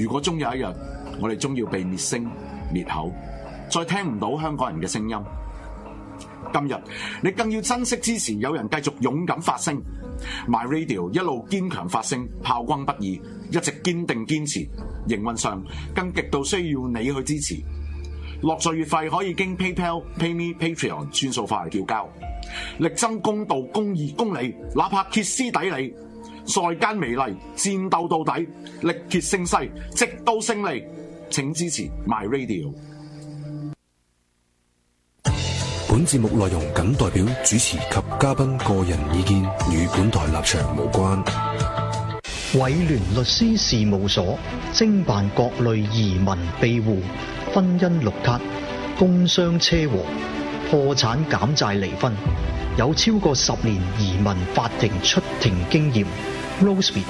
如果終有一日，我哋終要被滅聲滅口，再聽唔到香港人嘅聲音。今日你更要珍惜之前有人繼續勇敢發聲。My radio 一路堅強發聲，炮轟不已，一直堅定堅持。營運上更極度需要你去支持。落座月費可以經 PayPal、PayMe、Patreon 轉數化嚟繳交，力爭公道、公義、公理，哪怕歇斯底里。賽間美麗，戰鬥到底，力竭勝勢，直到勝利，請支持 My Radio。本節目內容僅代表主持及嘉賓個人意見，與本台立場無關。偉聯律師事務所精辦各類移民庇護、婚姻綠卡、工傷車禍、破產減債、離婚，有超過十年移民法庭出庭經驗。r 羅斯比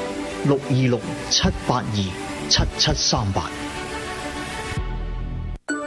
六二六七八二七七三八。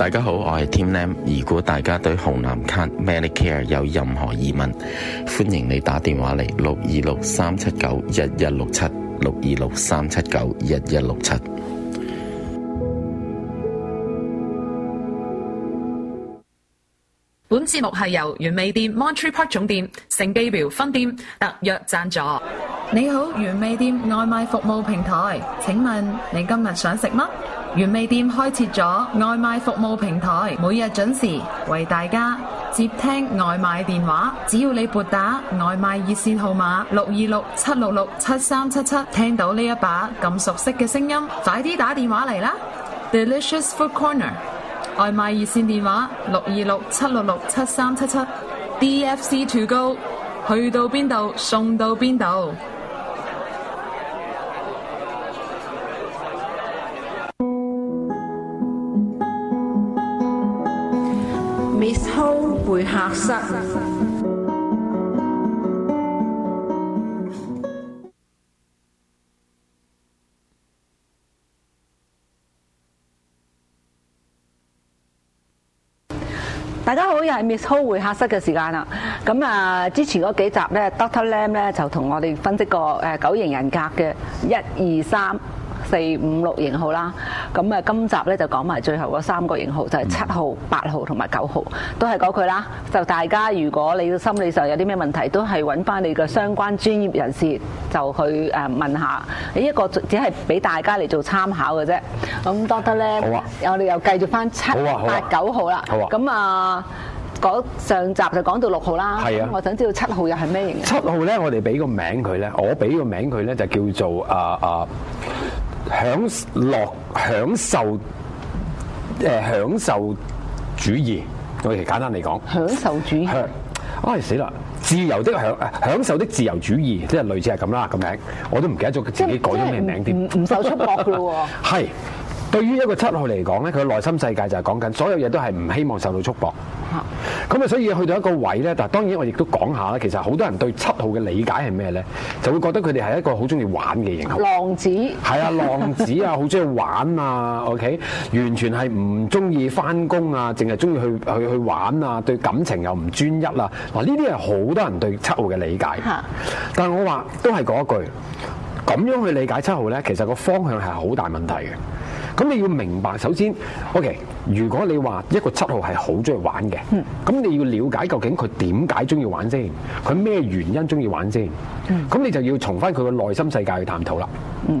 大家好，我係 Tim Lam。如果大家對紅藍卡 Medicare 有任何疑問，歡迎你打電話嚟，六二六三七九一一六七六二六三七九一一六七。67，本節目係由原味店 Monterey Park 總店、聖蓋博分店特約贊助。你好，原味店外賣服務平台，請問你今日想食咩？原味店開設咗外賣服務平台，每日準時為大家接聽外賣電話。只要你撥打外賣熱線號碼六二六七六六七三七七，7 7, 聽到呢一把咁熟悉嘅聲音，快啲打電話嚟啦！Delicious Food Corner 外賣熱線電話六二六七六六七三七七，D F C To Go 去到邊度送到邊度。會客室。客室大家好，又係 Miss Ho 會客室嘅時間啦。咁啊， 之前嗰幾集咧 ，Doctor Lam 咧就同我哋分析過，誒九型人格嘅一二三。四五六型號啦，咁啊今集咧就講埋最後嗰三個型號，就係、是、七號、八號同埋九號，都係嗰句啦。就大家如果你嘅心理上有啲咩問題，都係揾翻你嘅相關專業人士就去誒問下。呢一個只係俾大家嚟做參考嘅啫。咁多得咧，好啊，我哋又繼續翻七、啊、八、九號啦。好啊，咁啊，上集就講到六號啦。係啊，我想知道七號又係咩型號？七號咧，我哋俾個名佢咧，我俾個名佢咧就叫做啊啊。啊享樂、享受，誒、呃，享受主義，我哋簡單嚟講，享受主義，唉，死、哎、啦！自由的享，享受的自由主義，即係類似係咁啦個名，我都唔記得咗佢自己改咗咩名添，唔唔受束縛噶咯喎。係， 對於一個七號嚟講咧，佢嘅內心世界就係講緊，所有嘢都係唔希望受到束縛。咁啊，所以去到一個位咧，但當然我亦都講下啦。其實好多人對七號嘅理解係咩咧，就會覺得佢哋係一個好中意玩嘅型。浪子係啊，浪子啊，好中意玩啊，OK，完全係唔中意翻工啊，淨係中意去去去玩啊，對感情又唔專一啊。嗱，呢啲係好多人對七號嘅理解。嚇！但係我話都係嗰一句，咁樣去理解七號咧，其實個方向係好大問題嘅。咁你要明白，首先，OK，如果你話一個七號係好中意玩嘅，咁、嗯、你要了解究竟佢點解中意玩先，佢咩原因中意玩先，咁、嗯、你就要從翻佢個內心世界去探討啦。咁、嗯、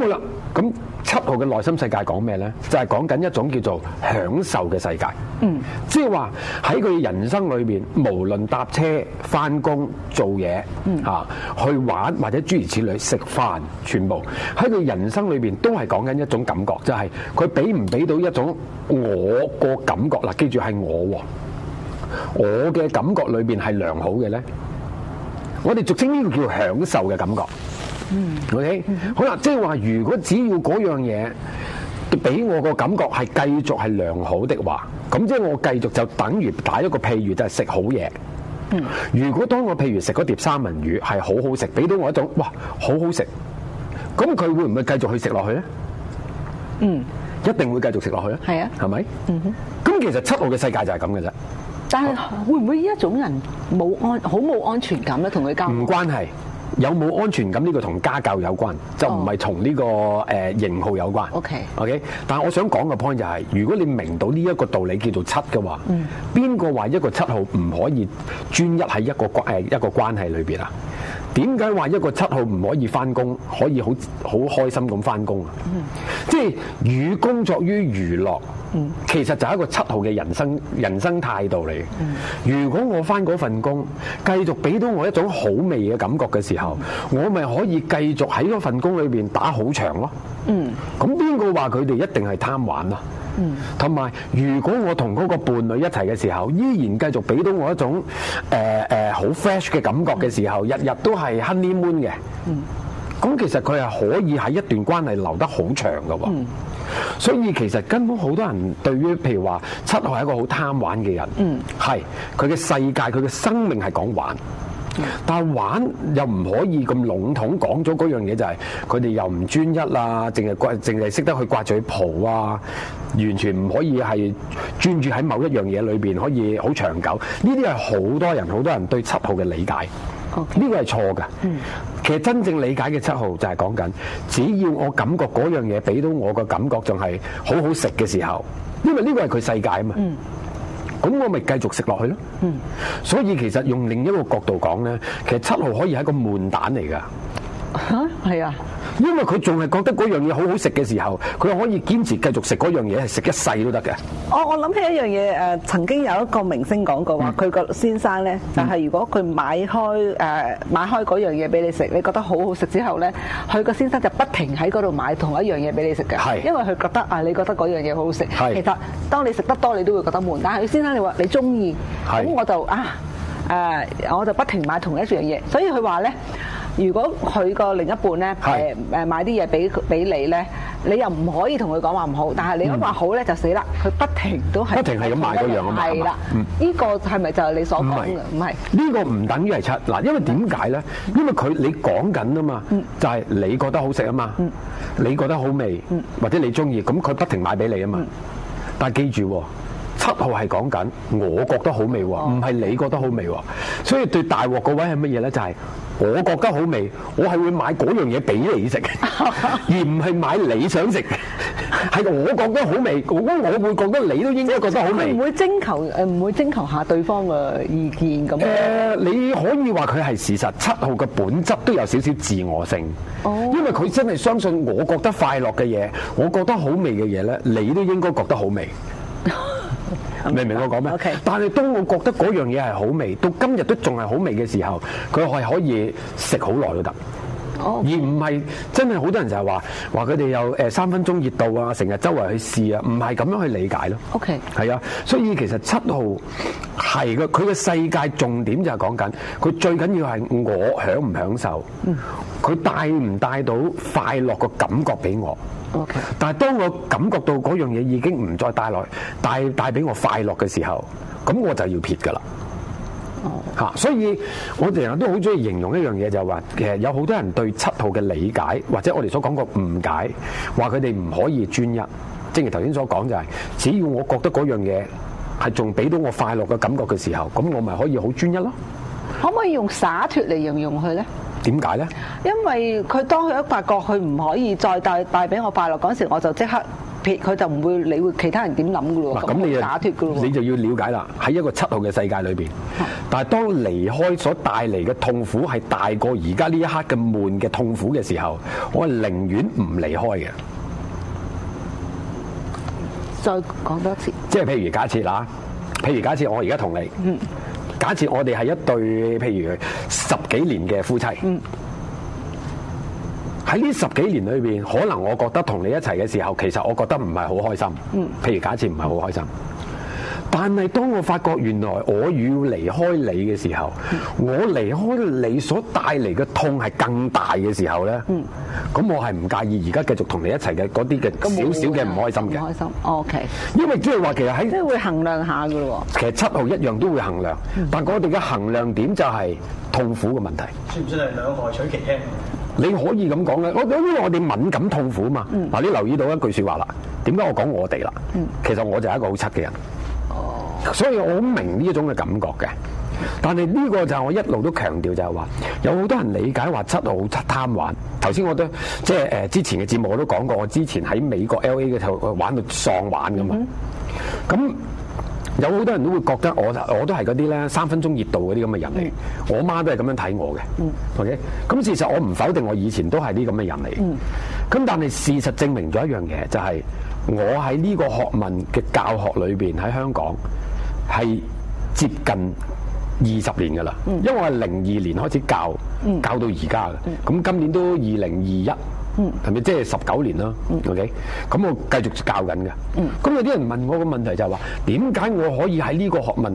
好啦。咁七號嘅內心世界講咩呢？就係講緊一種叫做享受嘅世界。嗯，即係話喺佢人生裏面，無論搭車、翻工、做嘢，吓、嗯啊、去玩或者諸如此類，食飯，全部喺佢人生裏面都係講緊一種感覺，就係佢俾唔俾到一種我個感覺啦。記住係我、哦，我嘅感覺裏面係良好嘅呢。我哋俗稱呢個叫享受嘅感覺。嗯，OK，mm hmm. 好啦，即係話如果只要嗰樣嘢，俾我個感覺係繼續係良好的話，咁即係我繼續就等於打一個譬如就係、是、食好嘢。嗯、mm，hmm. 如果當我譬如食嗰碟三文魚係好好食，俾到我一種哇好好食，咁佢會唔會繼續去食落去咧？嗯、mm，hmm. 一定會繼續食落去啊！係啊、mm，係、hmm. 咪？嗯哼，咁其實七號嘅世界就係咁嘅啫。但係是好會唔會呢一種人冇安好冇安全感咧？同佢交唔關係？有冇安全感呢、呢個同家教有關，oh. 就唔係同呢個誒、呃、型號有關。OK，OK，Okay.、okay? 但係我想講嘅 point 就係、是，如果你明到呢一個道理叫做七嘅話，邊個話一個七號唔可以專一喺一個、呃、一個關誒一個關係裏邊啊？點解話一個七號唔可以返工，可以好好開心咁返工啊？嗯、即係寓工作於娛樂，嗯、其實就係一個七號嘅人生人生態度嚟嘅。嗯、如果我返嗰份工，繼續俾到我一種好味嘅感覺嘅時候，嗯、我咪可以繼續喺嗰份工裏邊打好長咯。嗯、咁邊個話佢哋一定係貪玩啊？嗯，同埋如果我同嗰個伴侶一齊嘅時候，依然繼續俾到我一種誒誒好 fresh 嘅感覺嘅時候，日日都係 honey moon 嘅，嗯，咁其實佢係可以喺一段關係留得好長噶，哦，嗯，所以其實根本好多人對於譬如話七號係一個好貪玩嘅人，嗯，係佢嘅世界，佢嘅生命係講玩。嗯、但係玩又唔可以咁籠統講咗嗰樣嘢，就是，就係佢哋又唔專一啊，淨係淨係識得去刮嘴蒲啊，完全唔可以係專注喺某一樣嘢裏邊，可以好長久。呢啲係好多人好多人對七號嘅理解，呢個係錯嘅。嗯、其實真正理解嘅七號就係講緊，只要我感覺嗰樣嘢俾到我個感覺仲係好好食嘅時候，因為呢個係佢世界啊嘛。嗯咁我咪繼續食落去咯。嗯，所以其實用另一個角度講咧，其實七號可以係個悶蛋嚟㗎。嚇，係啊！啊因為佢仲係覺得嗰樣嘢好好食嘅時候，佢可以堅持繼續食嗰樣嘢，係食一世都得嘅。哦，我諗起一樣嘢，誒、呃，曾經有一個明星講過話，佢個、嗯、先生咧，就係、是、如果佢買開誒、呃、買開嗰樣嘢俾你食，你覺得好好食之後咧，佢個先生就不停喺嗰度買同一樣嘢俾你食嘅。係是，因為佢覺得啊，你覺得嗰樣嘢好好食。係是，其實當你食得多，你都會覺得悶。但係佢先生你，你話你中意，咁是我就啊誒、呃，我就不停買同一樣嘢。所以佢話咧。如果佢個另一半咧，誒誒買啲嘢俾佢俾你咧，你又唔可以同佢講話唔好，但係你一話好咧就死啦！佢不停都係不停係咁買嗰樣啊嘛，係啦，呢個係咪就係你所講嘅？唔係，呢個唔等於係七嗱，因為點解咧？因為佢你講緊啊嘛，就係你覺得好食啊嘛，你覺得好味，或者你中意，咁佢不停買俾你啊嘛。但係記住，七號係講緊，我覺得好味喎，唔係你覺得好味喎，所以對大鑊嗰位係乜嘢咧？就係。我覺得好味，我係會買嗰樣嘢俾你食，而唔係買你想食。係我覺得好味，我會覺得你都應該覺得好味。唔會徵求誒，唔、呃、會徵求下對方嘅意見咁。誒、呃，你可以話佢係事實。七號嘅本質都有少少自我性，因為佢真係相信我覺得快樂嘅嘢，我覺得好味嘅嘢咧，你都應該覺得好味。明唔明我講咩？Okay. 但係當我覺得嗰樣嘢係好味，到今日都仲係好味嘅時候，佢係可以食好耐都得，oh, okay. 而唔係真係好多人就係話話佢哋有誒三分鐘熱度啊，成日周圍去試啊，唔係咁樣去理解咯。OK，係啊，所以其實七號係嘅，佢嘅世界重點就係講緊佢最緊要係我享唔享受，佢帶唔帶到快樂嘅感覺俾我。Okay. 但係當我感覺到嗰樣嘢已經唔再帶來帶帶俾我快樂嘅時候，咁我就要撇噶啦。吓、oh. 啊，所以我哋人都好中意形容一樣嘢，就係話，其實有好多人對七號嘅理解或者我哋所講個誤解，話佢哋唔可以專一。正如頭先所講，就是，就係只要我覺得嗰樣嘢係仲俾到我快樂嘅感覺嘅時候，咁我咪可以好專一咯。可唔可以用灑脱嚟形容佢呢？點解咧？為呢，因為佢當佢一發覺佢唔可以再帶帶俾我快樂嗰時，我就即刻撇佢，就唔會理會其他人點諗噶咯。咁你、啊、就打脱噶咯。你就要了解啦，喺一個七號嘅世界裏邊。但係當離開所帶嚟嘅痛苦係大過而家呢一刻嘅悶嘅痛苦嘅時候，我係寧願唔離開嘅。再講多次，即係譬如假設啦，譬如假設我而家同你。嗯假設我哋係一對，譬如十幾年嘅夫妻，喺呢、嗯、十幾年裏邊，可能我覺得同你一齊嘅時候，其實我覺得唔係好開心。嗯、譬如假設唔係好開心。但係當我發覺原來我要離開你嘅時候，我離開你所帶嚟嘅痛係更大嘅時候咧，咁我係唔介意而家繼續同你一齊嘅嗰啲嘅少少嘅唔開心嘅。唔開心，OK。因為即係話其實喺即係會衡量下噶咯喎。其實七號一樣都會衡量，但係我哋嘅衡量點就係痛苦嘅問題。算唔算係兩害取其輕？你可以咁講咧，我因為我哋敏感痛苦啊嘛。嗱，你留意到一句説話啦，點解我講我哋啦？其實我就係一個好七嘅人。所以我好明呢一種嘅感覺嘅，但係呢個就係我一路都強調就係話，有好多人理解話七號貪玩。頭先我都即係誒之前嘅節目我都講過，我之前喺美國 L A 嘅時候玩到喪玩咁嘛。咁、mm hmm. 有好多人都會覺得我我都係嗰啲咧三分鐘熱度嗰啲咁嘅人嚟，mm hmm. 我媽都係咁樣睇我嘅。O K，咁其實我唔否定我以前都係啲咁嘅人嚟，咁、mm hmm. 但係事實證明咗一樣嘢就係、是。我喺呢個學問嘅教學裏邊喺香港係接近二十年噶啦，因為我係零二年開始教，嗯、教到而家嘅，咁、嗯、今年都二零二一，係咪即係十九年啦、嗯？OK，咁我繼續教緊嘅。咁、嗯、有啲人問我個問題就係、是、話，點解我可以喺呢個學問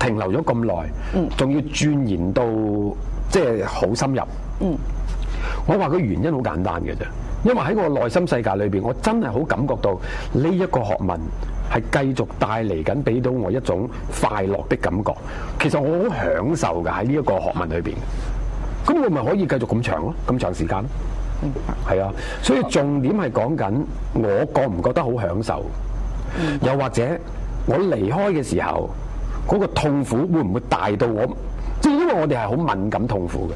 停留咗咁耐，仲要鑽研到即係好深入？嗯、我話個原因好簡單嘅啫。因為喺我內心世界裏邊，我真係好感覺到呢一個學問係繼續帶嚟緊，俾到我一種快樂的感覺。其實我好享受噶喺呢一個學問裏邊。咁我咪可以繼續咁長咯，咁長時間咯。明白。係啊，所以重點係講緊我覺唔覺得好享受，又或者我離開嘅時候嗰個痛苦會唔會大到我？即係因為我哋係好敏感痛苦嘅。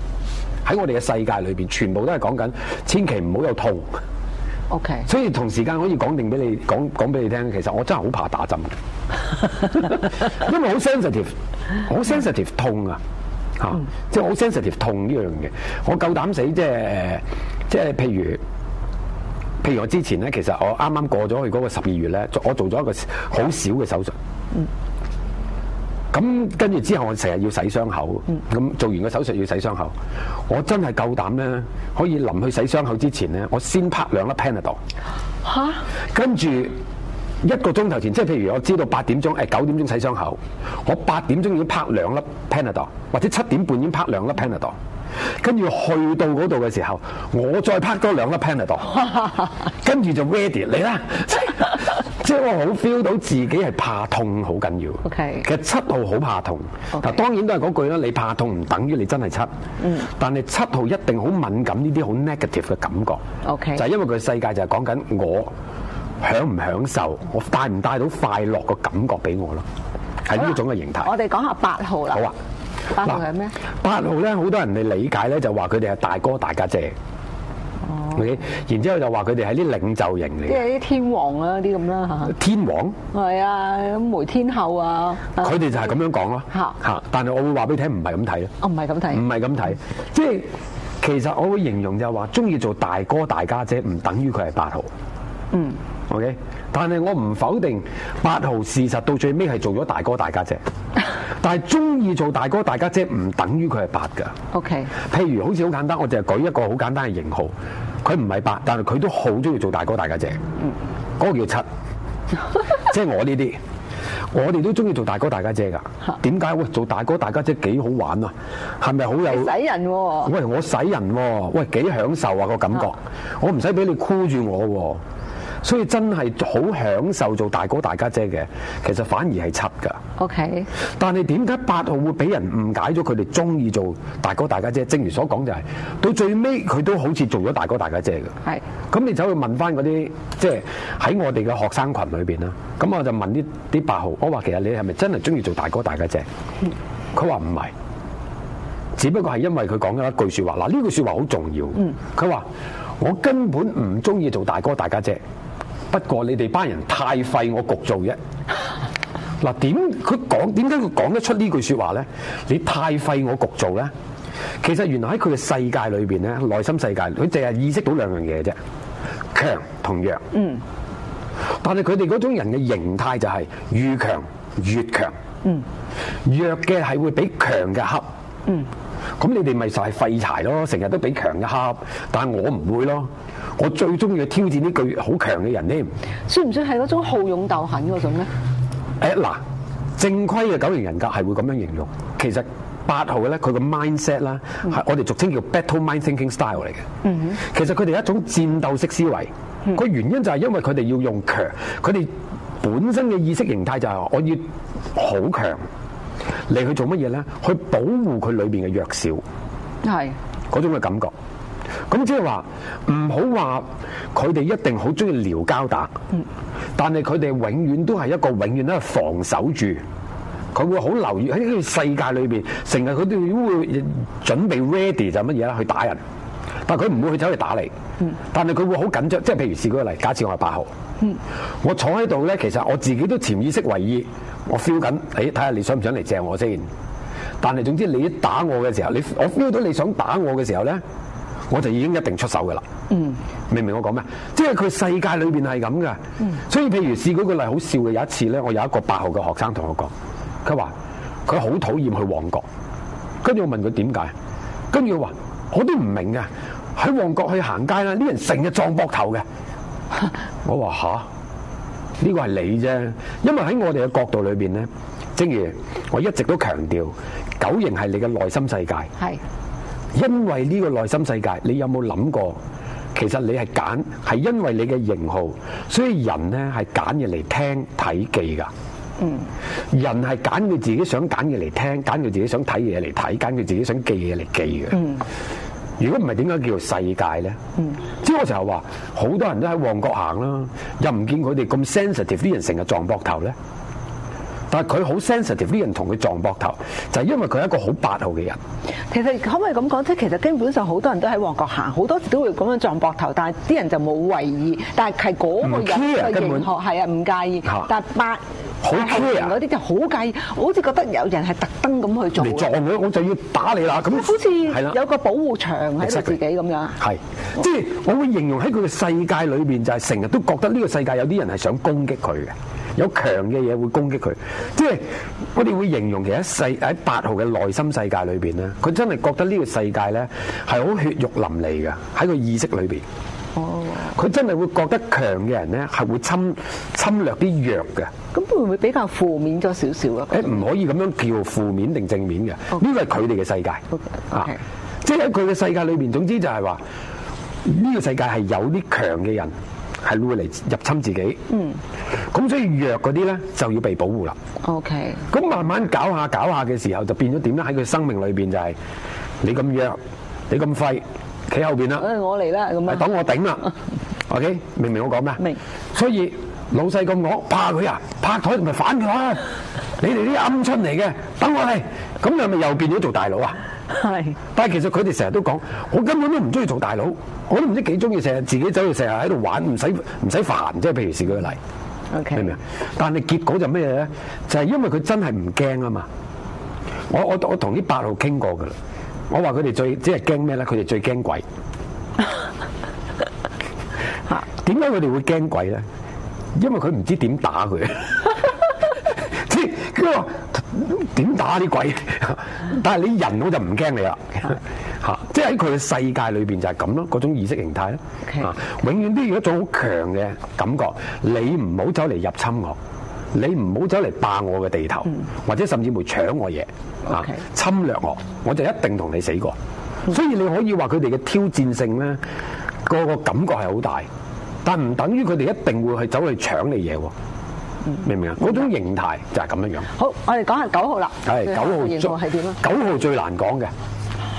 喺我哋嘅世界裏邊，全部都係講緊千祈唔好有痛。O Okay . K，所以同時間可以講定俾你講講俾你聽，其實我真係好怕打針， 因為好 sensitive，好 sensitive 痛啊，嚇、啊，mm. 即係好 sensitive 痛呢樣嘢。我夠膽死，即係、呃、即係譬如譬如我之前咧，其實我啱啱過咗去嗰個十二月咧，我做咗一個好少嘅手術。Yeah. Mm. 咁跟住之後，我成日要洗傷口。咁、嗯、做完個手術要洗傷口，我真係夠膽咧，可以臨去洗傷口之前咧，我先拍兩粒 Panadol。嚇！跟住一個鐘頭前，即係譬如我知道八點鐘，哎，九點鐘洗傷口，我八點鐘已經拍兩粒 Panadol，或者七點半已經拍兩粒 Panadol。嗯。跟住去到嗰度嘅時候，我再拍多兩粒 Panadol，跟住就 ready，你咧，即 係我好 feel 到自己係怕痛好緊要。OK，其實七號好怕痛，嗱，Okay. 當然都係嗰句啦，你怕痛唔等於你真係七。嗯，但係七號一定好敏感呢啲好 negative 嘅感覺。OK，就係因為佢世界就係講緊我享唔享受，我帶唔帶到快樂嘅感覺俾我咯，係呢 Okay. 種嘅形態。我哋講下八號啦。好啊。八號係咩？八號咧，好多人嘅理解咧，就話佢哋係大哥大家姐。哦。O K，然之後就話佢哋喺啲領袖型嚟。即係啲天王皇啊，啲咁啦吓。天王。係啊，梅天后啊。佢哋就係咁樣講咯。吓吓，但係我會話俾你聽，唔係咁睇咯。唔係咁睇。唔係咁睇，即係其實我會形容就話，中意做大哥大家姐，唔等於佢係八號。嗯。O K，但係我唔否定八號，事實到最尾係做咗大哥大家姐。但係中意做大哥大家姐唔等於佢係八㗎。O K。譬如好似好簡單，我淨係舉一個好簡單嘅型號，佢唔係八，但係佢都好中意做大哥大家姐。嗯。嗰個叫七，即係 我呢啲，我哋都中意做大哥大家姐㗎。點解？喂、欸，做大哥大家姐幾好玩啊？係咪好有？使人喎、哦哦。喂，我使人喎。喂，幾享受啊、嗰個感覺。 我唔使俾你箍住我喎、哦。所以真係好享受做大哥大家姐嘅，其實反而係七噶。O K。但係點解八號會俾人誤解咗佢哋中意做大哥大家姐？正如所講，就係，就係到最尾佢都好似做咗大哥大家姐嘅。係。咁你走去問翻嗰啲，即係喺我哋嘅學生群裏邊啦。咁我就問呢啲八號，我話其實你係咪真係中意做大哥大家姐？嗯。佢話唔係，只不過係因為佢講咗一句説話。嗱，呢句説話好重要。嗯。佢話：我根本唔中意做大哥大家姐，不過你哋班人太廢我局做啫。嗱，點佢講，點解佢講得出呢句説話咧？你太廢我局做咧。其實原來喺佢嘅世界裏邊咧，內心世界佢淨係意識到兩樣嘢啫，強同弱。嗯。但係佢哋嗰種人嘅形態就係越強越強。嗯。弱嘅係會畀強嘅恰。嗯。咁你哋咪就係廢柴咯，成日都畀強嘅恰。但係我唔會咯。我最中意挑戰啲巨好強嘅人添，算唔算係嗰種好勇鬥狠嗰種咧？誒、欸，嗱，正規嘅九型人格係會咁樣形容。其實八號咧，佢個 mindset 啦、嗯，係我哋俗稱叫 battle mind thinking style 嚟嘅。嗯哼，其實佢哋一種戰鬥式思維，個、嗯、原因就係因為佢哋要用強，佢哋本身嘅意識形態就係我要好強。嚟去做乜嘢咧？去保護佢裏邊嘅弱小，係嗰的種嘅感覺。咁即係話，唔好話佢哋一定好中意撩交打，嗯、但係佢哋永遠都係一個永遠咧防守住，佢會好留意喺呢個世界裏邊，成日佢都會準備 ready 就乜嘢啦去打人，但係佢唔會去走嚟打你。嗯、但係佢會好緊張，即係譬如試舉個例，假設我係八號，嗯、我坐喺度咧，其實我自己都潛意識維意，我 feel 緊，誒、哎，睇下你想唔想嚟正我先。但係，總之你一打我嘅時候，你我 feel 到你想打我嘅時候咧。我就已經一定出手嘅啦。嗯、明唔明我講咩？即係佢世界裏邊係咁嘅。嗯、所以譬如試舉個例好笑嘅，有一次咧，我有一個八號嘅學生同我講，佢話佢好討厭去旺角。跟住我問佢點解，跟住佢話我都唔明嘅，喺旺角去行街啦，啲人成日撞膊頭嘅。我話吓，呢個係你啫。因為喺我哋嘅角度裏邊咧，正如我一直都強調，九型係你嘅內心世界。係。因為呢個內心世界，你有冇諗過？其實你係揀，係因為你嘅型號，所以人咧係揀嘢嚟聽、睇、記噶。嗯，人係揀佢自己想揀嘢嚟聽，揀佢自己想睇嘢嚟睇，揀佢自己想記嘢嚟記嘅。嗯，如果唔係點解叫做世界咧？嗯，即係我成日話，好多人都喺旺角行啦，啊，又唔見佢哋咁 sensitive，啲人成日撞膊頭咧。但係佢好 sensitive，啲人同佢撞膊頭，就係因為佢係一個好八號嘅人。其實可唔可以咁講？即係其實基本上好多人都喺旺角行，好多時都會咁樣撞膊頭，但係啲人就冇為意。但係係嗰個人嗰個型號係啊，唔本介意。但係八號嘅人，嗰啲就好介意，我好似覺得有人係特登咁去你撞嚟撞我，我就要打你啦。咁好似係啦，有個保護牆喺度自己咁 Exactly. 樣。係是，好即係我會形容喺佢嘅世界裏邊，就係成日都覺得呢個世界有啲人係想攻擊佢嘅。有強嘅嘢，會攻擊佢，即係我哋會形容其一世。喺八號嘅內心世界裏邊咧，佢真係覺得呢個世界咧，係好血肉淋漓嘅喺佢意識裏邊。哦，佢真係會覺得強嘅人咧，係會侵侵略啲弱嘅，咁會唔會比較負面咗少少啊？誒、欸，唔可以咁樣叫負面定正面嘅，呢個係佢哋嘅世界啊，okay. Okay. 即係喺佢嘅世界裏邊，總之就係話呢個世界係有啲強嘅人。係會嚟入侵自己，嗯，咁所以弱嗰啲咧就要被保護啦。O K，咁慢慢搞下搞下嘅時候，就變咗點咧？喺佢生命裏邊就係你咁弱，你咁廢，企後邊啦。誒，我嚟啦，咁啊，等我頂啦。O K，明唔明我講咩？明。所以老細咁惡，怕佢啊？拍台同埋反佢啦！你哋啲鵪鶉嚟嘅，等我嚟，咁你咪又變咗做大佬啊？係，是但係其實佢哋成日都講，我根本都唔中意做大佬，我都唔知幾中意，成日自己走去，成日喺度玩，唔使唔使煩，即係譬如是佢嘅例，Okay. 明唔明？但係結果就咩嘢咧？就係、是、因為佢真係唔驚啊嘛！我我我同啲八號傾過噶啦，我話佢哋最即係驚咩咧？佢哋最驚鬼。點解佢哋會驚鬼咧？因為佢唔知點打佢。即係佢。點打啲鬼？ 但係你人，我就唔驚你啦，吓， 即係喺佢嘅世界裏邊就係咁咯，嗰種意識形態咧，吓 Okay.、啊，永遠都有一種好強嘅感覺。你唔好走嚟入侵我，你唔好走嚟霸我嘅地頭，mm. 或者甚至乎搶我嘢，吓 Okay.、啊，侵略我，我就一定同你死過。所以你可以話佢哋嘅挑戰性咧，個個感覺係好大，但唔等於佢哋一定會係走去搶你嘢。明唔明啊？嗰種形態就係咁樣樣。好，我哋講下九號啦。係。九號形態係點啊？九號最難講嘅，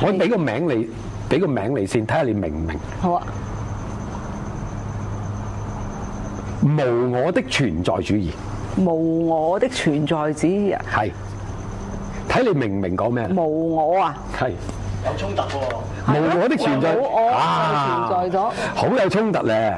我俾個名你，俾個名你先，睇下你明唔明？好啊。無我的存在主義。無我的存在主義啊。係。睇你明唔明講咩？無我啊。係。有衝突喎。無我的存在主義，我啊存在咗。好有衝突咧。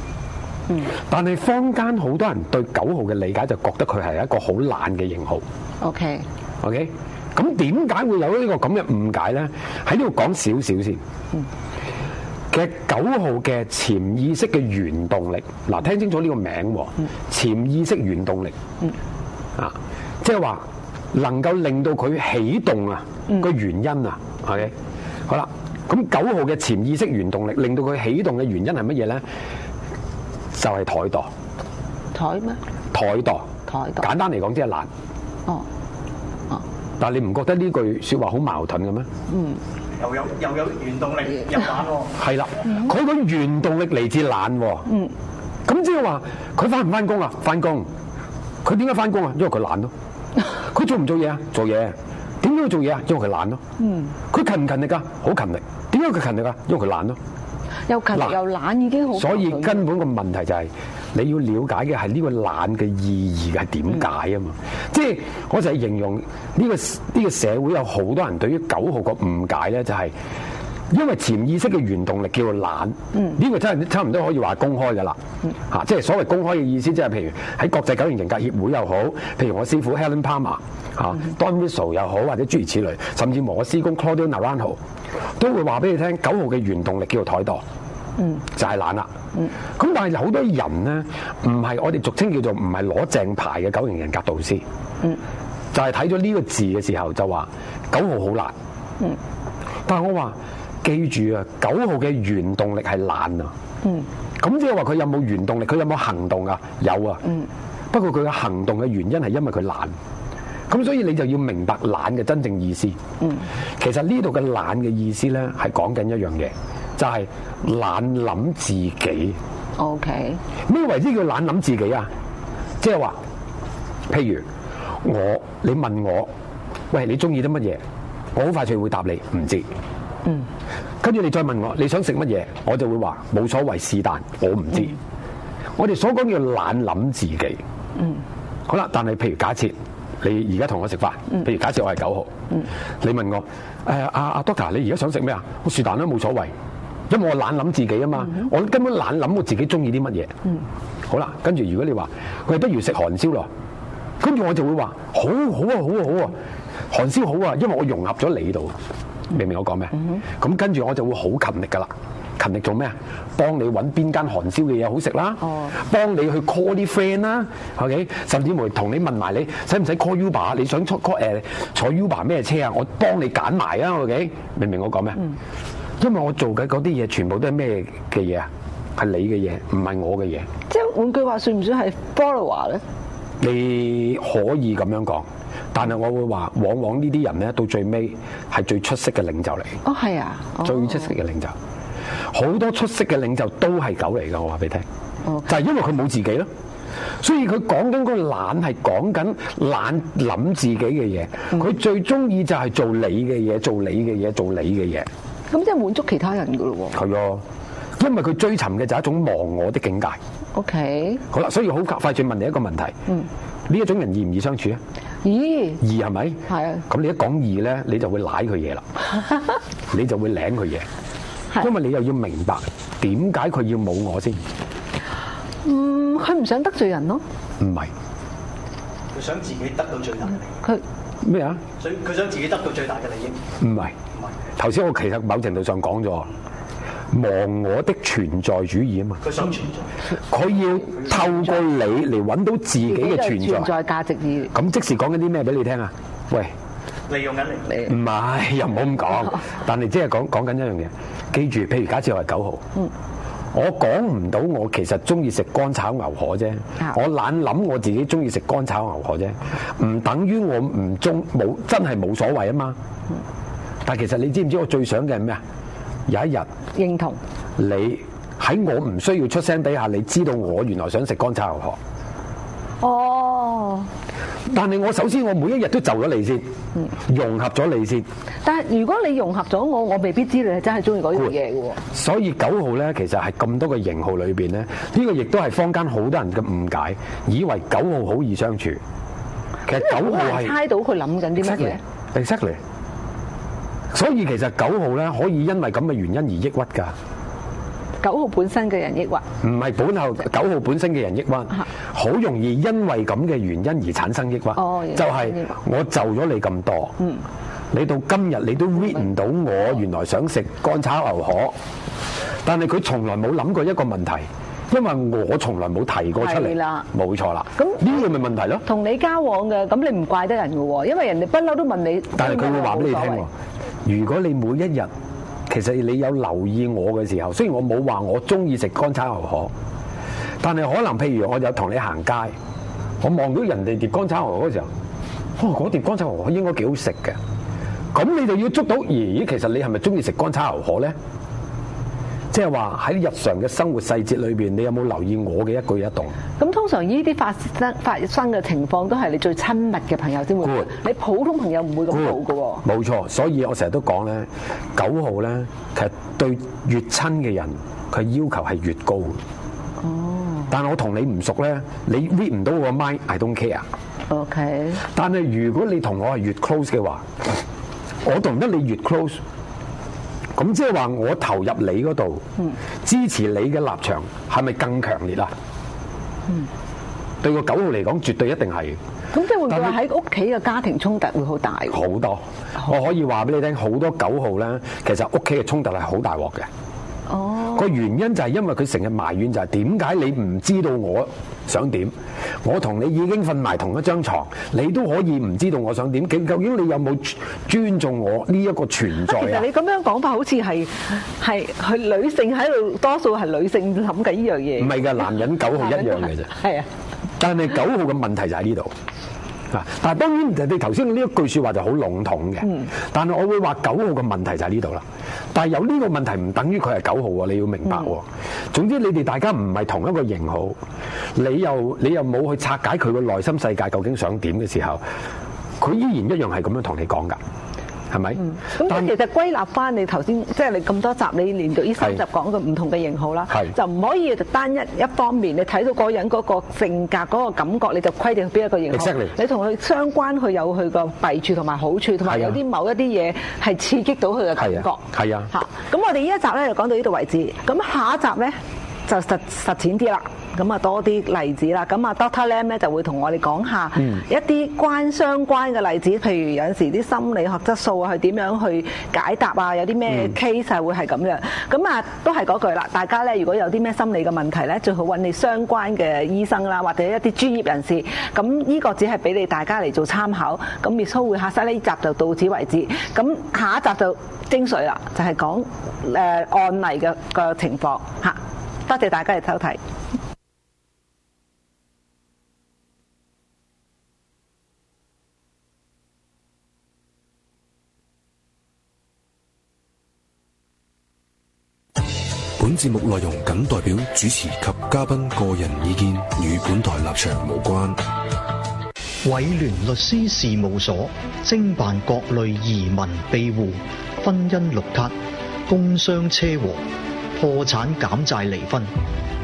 但係坊間好多人對九號嘅理解就覺得佢係一個好懶嘅型號。O K，O K，咁點解會有呢個咁嘅誤解呢？喺呢度講少少先。嗯、其實九號嘅潛意識嘅原動力，嗱，聽清楚呢個名。嗯，潛意識原動力。嗯、啊，即係話能夠令到佢起動啊個原因啊。嗯、OK，好啦，咁九號嘅潛意識原動力令到佢起動嘅原因係乜嘢呢？就係怠惰，怠咩？怠惰，怠惰。簡單嚟講，即係懶。哦，哦。但係你唔覺得呢句説話好矛盾嘅咩？嗯又。又有又有原動力入版喎。係啦、嗯，佢個原動力嚟自懶喎。嗯。咁即係話，佢翻唔翻工啊？翻工。佢點解翻工啊？因為佢懶咯。佢、嗯、做唔做嘢啊？做嘢。點解要做嘢啊？因為佢懶咯。嗯。佢勤唔勤力啊？好勤力。點解佢勤力啊？因為佢懶咯。又勤力又懶喏已經好，所以根本個問題就係、係、你要了解嘅係呢個懶嘅意義係點解啊嘛？嗯、即係我就係形容呢、呢個呢、呢個社會有好多人對於九號個誤解咧、就係，就係。因為潛意識嘅原動力叫做懶，呢個真係差唔多可以話公開嘅啦。嚇、嗯，即係所謂公開嘅意思，即係譬如喺國際九型人格協會又好，譬如我師傅 Helen Palmer 嚇、嗯啊、Don Mitchell 又好，或者諸如此類，甚至乎我師公 Claudio Navarro 都會話俾你聽，九號嘅原動力叫做怠惰，嗯、就係懶啦。咁、嗯嗯、但係好多人咧，唔係我哋俗稱叫做唔係攞正牌嘅九型人格導師，嗯嗯、就係睇咗呢個字嘅時候就話九號好懶。但係我話。嗯。記住啊，九號嘅原動力係懶啊。嗯。咁即係話佢有冇原動力？佢有冇行動啊？有啊。嗯。不過佢嘅行動嘅原因係因為佢懶。咁所以你就要明白懶嘅真正意思。嗯。其實呢度嘅懶嘅意思咧係講緊一樣嘢，就係懶諗自己。OK。咩為之叫懶諗自己啊？即係話，譬如我，你問我，喂，你中意啲乜嘢？我好快脆會答你，唔知。嗯，跟住你再問我你想食乜嘢，我就會話冇所謂，是但，我唔知。我哋所講叫懶諗自己。嗯，好啦，但係譬如假設你而家同我食飯，譬如假設我係九號，嗯、你問我誒阿阿 doctor，你而家想食咩啊？我是但都冇所謂，因為我懶諗自己啊嘛，嗯、我根本懶諗我自己中意啲乜嘢。嗯，好啦，跟住如果你話佢不如食韓燒咯，跟住我就會話好好啊，好啊，好啊，韓燒好啊對，因為我融合咗你度。明唔明我講咩？咁、mm hmm. 跟住我就會好勤力噶啦，勤力做咩啊？幫你搵邊間韓燒嘅嘢好食啦，幫、oh. 你去 call 啲 friend 啦，OK？甚至乎同你問埋你使唔使 call Uber？、啊、你想出 call 誒、uh, 坐 Uber 咩車啊？我幫你揀埋啦，OK？明唔明我講咩？Mm hmm. 因為我做嘅嗰啲嘢全部都係咩嘅嘢啊？係你嘅嘢，唔係我嘅嘢。即係換句話，算唔算係 follower 咧？你可以咁樣講。但係我會話，往往呢啲人咧到最尾係最出色嘅領袖嚟、哦啊。哦，係啊，最出色嘅領袖，好多出色嘅領袖都係狗嚟嘅，我話俾你聽。哦，就係因為佢冇自己咯，所以佢講緊個懶係講緊懶諗自己嘅嘢。佢、嗯、最中意就係做你嘅嘢，做你嘅嘢，做你嘅嘢。咁、嗯、即係滿足其他人㗎咯喎。係哦，因為佢追尋嘅就係一種忘我嘅境界。O K、嗯。好啦，所以好快脆問你一個問題。嗯。呢一種人易唔易相處啊？咦？二係咪？係啊。咁是的 你一講二咧，你就會舐佢嘢啦， 你就會舐佢嘢。是的 因為你又要明白點解佢要冇我先。嗯，佢唔想得罪人咯。唔係，佢想自己得到最大嘅利益他。佢咩啊？想佢想自己得到最大嘅利益。唔係，唔係。頭先我其實某程度上講咗。忘我的存在主義啊嘛，佢想存在，佢要透過你嚟揾到自己嘅存在存在價值而，咁即時講緊啲咩俾你聽啊？喂，利用緊你，唔係又唔好咁講，但係即係講講緊一樣嘢，記住，譬如假設我係九號，嗯，我講唔到我其實中意食乾炒牛河啫，嗯、我懶諗我自己中意食乾炒牛河啫，唔等於我唔中冇真係冇所謂啊嘛，但係其實你知唔知我最想嘅係咩啊？有一日，認同你喺我唔需要出聲底下，你知道我原來想食乾炒牛河。哦！但係我首先，我每一日都就咗你先，融合咗你先。但係如果你融合咗我，我未必知你係真係中意嗰樣嘢嘅。所以九號咧，其實係咁多個型號裏邊咧，呢個亦都係坊間好多人嘅誤解，以為九號好易相處。其實九號係猜到佢諗緊啲乜嘢？Exactly。所以其實九號咧，可以因為咁嘅原因而抑鬱㗎。九號本身嘅人抑鬱，唔係本後九號本身嘅人抑鬱，好容易因為咁嘅原因而產生抑鬱。就係我就咗你咁多，你到今日你都 read 唔到我原來想食乾炒牛河，但係佢從來冇諗過一個問題。因為我從來冇提過出嚟，冇錯啦。咁呢個咪問題咯？同你交往嘅，咁你唔怪得人嘅喎，因為人哋不嬲都問你。但係佢會話俾你聽喎，如果你每一日其實你有留意我嘅時候，雖然我冇話我中意食乾炒牛河，但係可能譬如我有同你行街，我望到人哋碟乾炒牛河嘅時候，哦，嗰碟乾炒牛河應該幾好食嘅，咁你就要捉到咦，咦、哎，其實你係咪中意食乾炒牛河咧？即係話喺日常嘅生活細節裏邊，你有冇留意我嘅一舉一動？咁通常呢啲發生發生嘅情況，都係你最親密嘅朋友先會，Good. 你普通朋友唔會咁好㗎。冇錯，所以我成日都講咧，九號咧，其實對越親嘅人，佢要求係越高。哦。Oh. 但係我同你唔熟咧，你 read 唔到我嘅 mind，I don't care。OK。但係如果你同我係越 close 嘅話，我同得你越 close。咁即係話我投入你嗰度，嗯、支持你嘅立場，係咪更強烈啊？嗯，對個九號嚟講，絕對一定係。咁即係會唔會喺屋企嘅家庭衝突會好大？好多好多，我可以話俾你聽，好多九號咧，其實屋企嘅衝突係好大鑊嘅。哦，個原因就係因為佢成日埋怨，就係點解你唔知道我想點？我同你已經瞓埋同一張床，你都可以唔知道我想點？究竟你有冇尊重我呢一個存在？其實你咁樣講法好似係係係女性喺度，多數係女性諗緊呢樣嘢。唔係噶，男人九號一樣嘅啫。係啊，但係你九號嘅問題就喺呢度。嗱，但係當然，你頭先呢一句說話就好籠統嘅。但係我會話九號嘅問題就喺呢度啦。但係有呢個問題唔等於佢係九號喎，你要明白喎。嗯、總之你哋大家唔係同一個型號，你又你又冇去拆解佢個內心世界究竟想點嘅時候，佢依然一樣係咁樣同你講㗎。係咪？咁、嗯、其實歸納翻你頭先，即、就、係、是、你咁多集，你連續呢三集講佢唔同嘅型號啦，是就唔可以單一一方面，你睇到個人嗰個性格、嗰、那個感覺，你就規定係邊一個型號。Exactly. 你同佢相關，佢有佢個弊處同埋好處，同埋有啲某一啲嘢係刺激到佢嘅感覺。係啊，咁、啊、 我哋呢一集咧就講到呢度為止。咁下一集咧就實實踐啲啦。咁啊，多啲例子啦。咁啊，Doctor Lam 咧就會同我哋講下一啲關相關嘅例子。譬如有陣時啲心理學質素啊，佢點樣去解答啊？有啲咩 case 啊，會係咁樣。咁啊，都係嗰句啦。大家咧如果有啲咩心理嘅問題咧，最好揾你相關嘅醫生啦，或者一啲專業人士。咁呢個只係俾你大家嚟做參考。咁 Miss Ho 會吓晒呢集就到此為止。咁下一集就精髓啦，就係講誒案例嘅個情況吓。多謝大家嚟收睇。本節目內容僅代表主持及嘉賓個人意見，與本台立場無關。偉聯律師事務所精辦各類移民庇護、婚姻綠卡、工傷車禍、破產減債、離婚，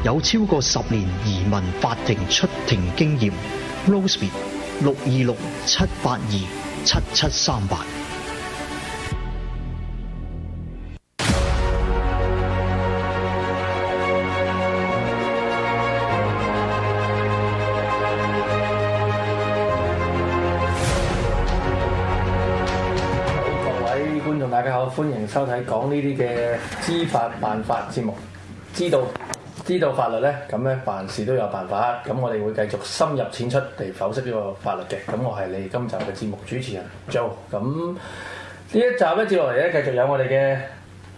有超過十年移民法庭出庭經驗。Rosebud 六二六七八二七七三八。收睇講呢啲嘅知法辦法節目，知道知道法律呢，咁呢，凡事都有辦法。咁我哋會繼續深入淺出地剖析呢個法律嘅。咁我係你今集嘅節目主持人 Joe。咁呢一集呢，接落嚟呢，繼續有我哋嘅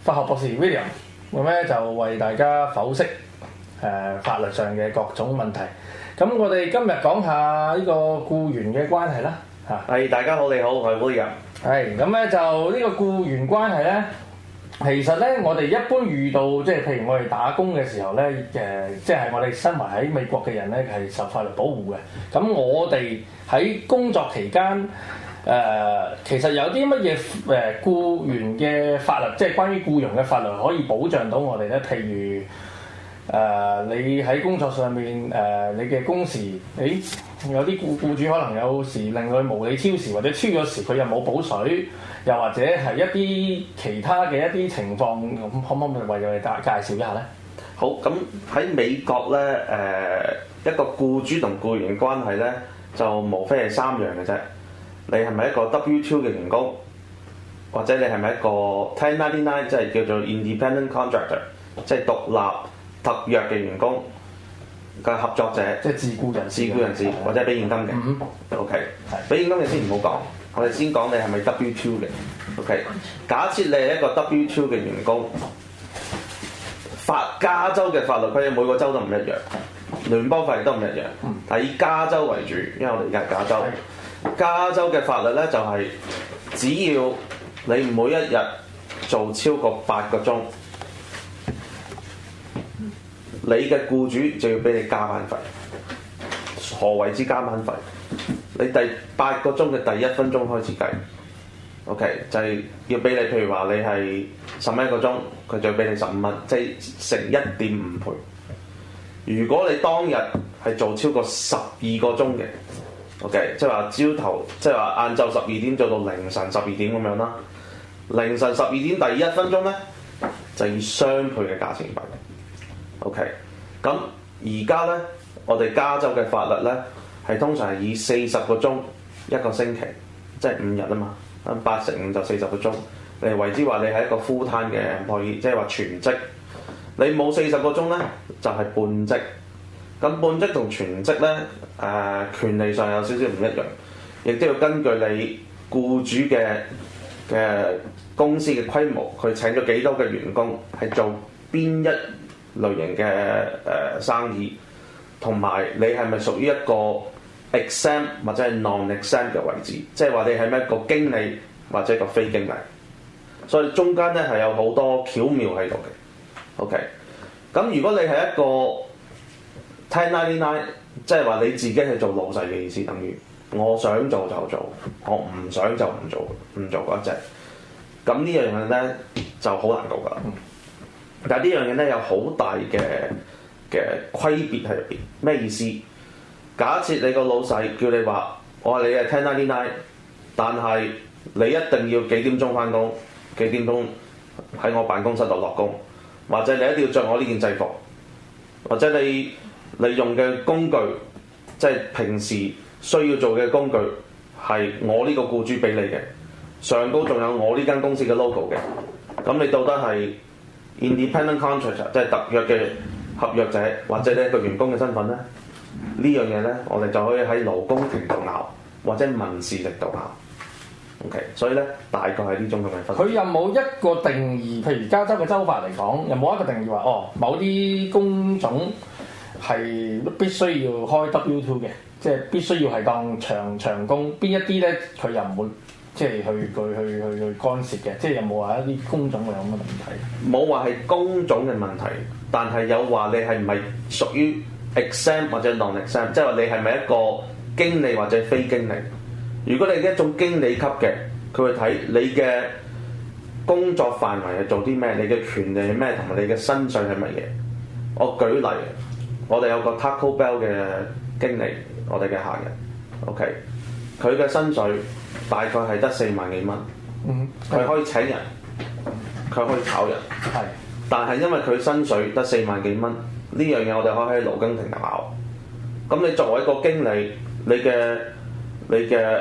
法學博士 William，咁呢，就為大家剖析誒、呃、法律上嘅各種問題。咁我哋今日講下呢個僱員嘅關係啦。嚇、啊，係大家好，你好，我係 William。係，咁咧就呢個僱員關係咧，其實咧我哋一般遇到，即係譬如我哋打工嘅時候咧，誒、呃，即係我哋身為喺美國嘅人咧，係受法律保護嘅。咁我哋喺工作期間，誒、呃，其實有啲乜嘢誒僱員嘅法律，即係關於僱傭嘅法律，可以保障到我哋咧？譬如誒、呃，你喺工作上面誒、呃，你嘅工時，誒。有啲僱僱主可能有時令佢無理超時，或者超咗時佢又冇補水，又或者係一啲其他嘅一啲情況，咁可唔可以為我哋介介紹一下咧？好，咁喺美國咧，誒、呃、一個僱主同僱員關係咧，就無非係三樣嘅啫。你係咪一個 W2 嘅員工，或者你係咪一個 Ten Ninety Nine，即係叫做 Independent Contractor，即係獨立特約嘅員工？佢係合作者，即係自雇人,人士，自雇人士或者俾現金嘅。OK，俾現金嘅先唔好講，我哋先講你係咪 W two 嘅。OK，假設你係一個 W two 嘅員工，法加州嘅法律規例每個州都唔一樣，聯邦法亦都唔一樣，但以加州為主，因為我哋而家喺加州。加州嘅法律咧就係只要你每一日做超過八個鐘。你嘅雇主就要俾你加班費。何謂之加班費？你第八個鐘嘅第一分鐘開始計。OK，就係要俾你。譬如話你係十蚊一個鐘，佢就要俾你十五蚊，即係成一點五倍。如果你當日係做超過十二個鐘嘅，OK，即係話朝頭，即係話晏晝十二點做到凌晨十二點咁樣啦。凌晨十二點第一分鐘咧，就以雙倍嘅價錢俾你。OK，咁而家咧，我哋加州嘅法律咧，係通常係以四十個鐘一個星期，即係五日啊嘛，咁八成五就四十個鐘你為之話你係一個 full time 嘅，可以即係話全職。你冇四十個鐘咧，就係、是、半職。咁半職同全職咧，誒、呃、權利上有少少唔一樣，亦都要根據你僱主嘅嘅公司嘅規模，佢請咗幾多嘅員工，係做邊一類型嘅誒、呃、生意，同埋你係咪屬於一個 exempt 或者係 non-exempt 嘅位置？即係話你係咪一個經理或者一個非經理？所以中間咧係有好多巧妙喺度嘅。OK，咁如果你係一個 ten ninety nine，即係話你自己係做老細嘅意思，等於我想做就做，我唔想就唔做，唔做嗰一隻。咁呢樣嘢咧就好難做噶。但係呢樣嘢咧有好大嘅嘅區別喺入邊，咩意思？假設你個老細叫你話，我話你係1099，但係你一定要幾點鐘翻工，幾點鐘喺我辦公室度落工，或者你一定要着我呢件制服，或者你你用嘅工具，即係平時需要做嘅工具，係我呢個僱主俾你嘅，上高仲有我呢間公司嘅 logo 嘅，咁你到底係？Independent contractor 即係特約嘅合約者，或者呢個員工嘅身份咧，呢樣嘢咧，我哋就可以喺勞工庭度鬧，或者民事庭度鬧。OK，所以咧，大概係呢種咁嘅分類。佢又冇一個定義，譬如加州嘅州法嚟講，又冇一個定義話哦，某啲工種係必須要開 W-2 嘅，即係必須要係當長長工，邊一啲咧，佢又唔會。即係去去去去干涉嘅，即係有冇話一啲工種會有咁嘅問題？冇話係工種嘅問題，但係有話你係唔係屬於 exempt 或者 non-exempt，即係話你係咪一個經理或者非經理？如果你係一種經理級嘅，佢會睇你嘅工作範圍係做啲咩，你嘅權利係咩，同埋你嘅薪水係乜嘢。我舉例，我哋有個 Taco Bell 嘅經理，我哋嘅客人，OK，佢嘅薪水，大概係得四萬幾蚊，佢、嗯、可以請人，佢可以炒人，係是。但係因為佢薪水得四萬幾蚊，呢樣嘢我哋可以喺勞金庭度咬。咁你作為一個經理，你嘅你嘅誒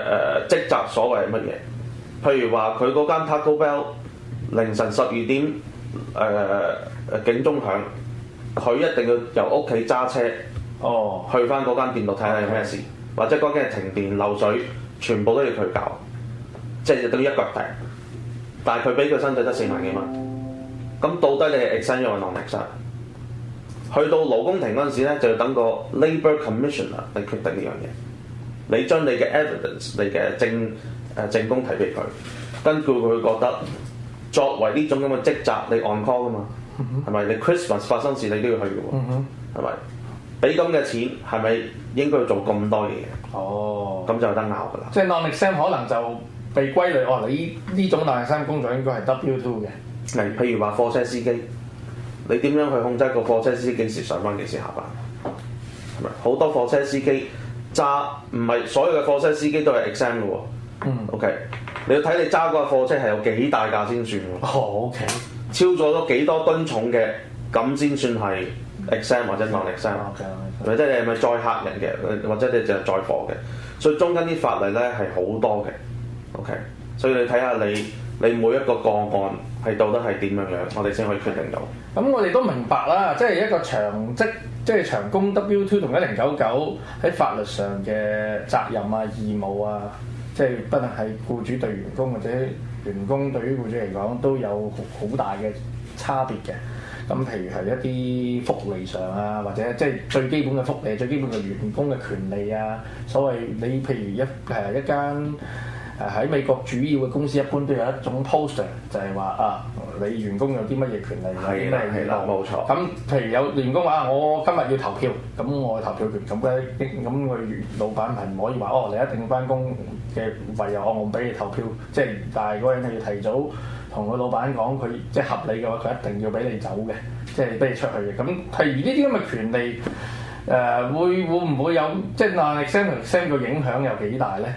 職責所謂係乜嘢？譬如話佢嗰間 Taco Bell 凌晨十二點誒、呃、警鐘響，佢一定要由屋企揸車哦去返嗰間店度睇下有咩事，嗯、或者嗰間停電漏水。全部都要佢搞，即係等於一腳踢。但係佢俾佢身底得四萬幾蚊，咁到底你 e x c 係新用定係力上，去到勞工庭嗰陣時咧，就要等個 labour commissioner 嚟決定呢樣嘢。你將你嘅 evidence、你、呃、嘅證誒證供提俾佢，根據佢覺得作為呢種咁嘅職責，你 on call 噶嘛？係咪、mm hmm.？你 Christmas 發生事你都要去嘅喎？係咪、mm？Hmm. 是俾咁嘅錢係咪應該要做咁多嘢？哦、oh，咁就得拗噶啦。即係 non exam 可能就被歸類哦，你呢種 non exam 工作應該係 W2 嘅。例譬如話貨車司機，你點樣去控制個貨車司機幾時上班、幾時下班？係咪好多貨車司機揸唔係所有嘅貨車司機都係 exam 嘅喎？嗯、mm.，OK。你要睇你揸嗰架貨車係有幾大架先、oh, okay. 算喎？OK。超咗多幾多噸重嘅咁先算係。exam ple, 或者能力 exam，咪你係咪載客人嘅，或者你就載貨嘅，所以中間啲法例咧係好多嘅，OK，所以你睇下你你每一個個案係到底係點樣樣，我哋先可以決定到。咁、嗯、我哋都明白啦，即係一個長職，即係長工 W2 同一零九九喺法律上嘅責任啊、義務啊，即係不能係僱主對員工或者員工對於僱主嚟講都有好大嘅差別嘅。咁譬如係一啲福利上啊，或者即係最基本嘅福利，最基本嘅員工嘅權利啊。所謂你譬如一誒一間誒喺美國主要嘅公司，一般都有一種 poster，就係話啊，你員工有啲乜嘢權利，有啲乜嘢權利。係啦，冇錯。咁譬如有員工話：我今日要投票，咁我投票權咁咧，咁佢老闆係唔可以話：哦，你一定翻工嘅，唯有我唔俾你投票。即係，但係嗰個人要提早。同個老闆講佢即係合理嘅話，佢一定要俾你走嘅，即係俾你出去嘅。咁譬如呢啲咁嘅權利，誒、呃、會會唔會有即係嗱 s a m 個影響有幾大咧？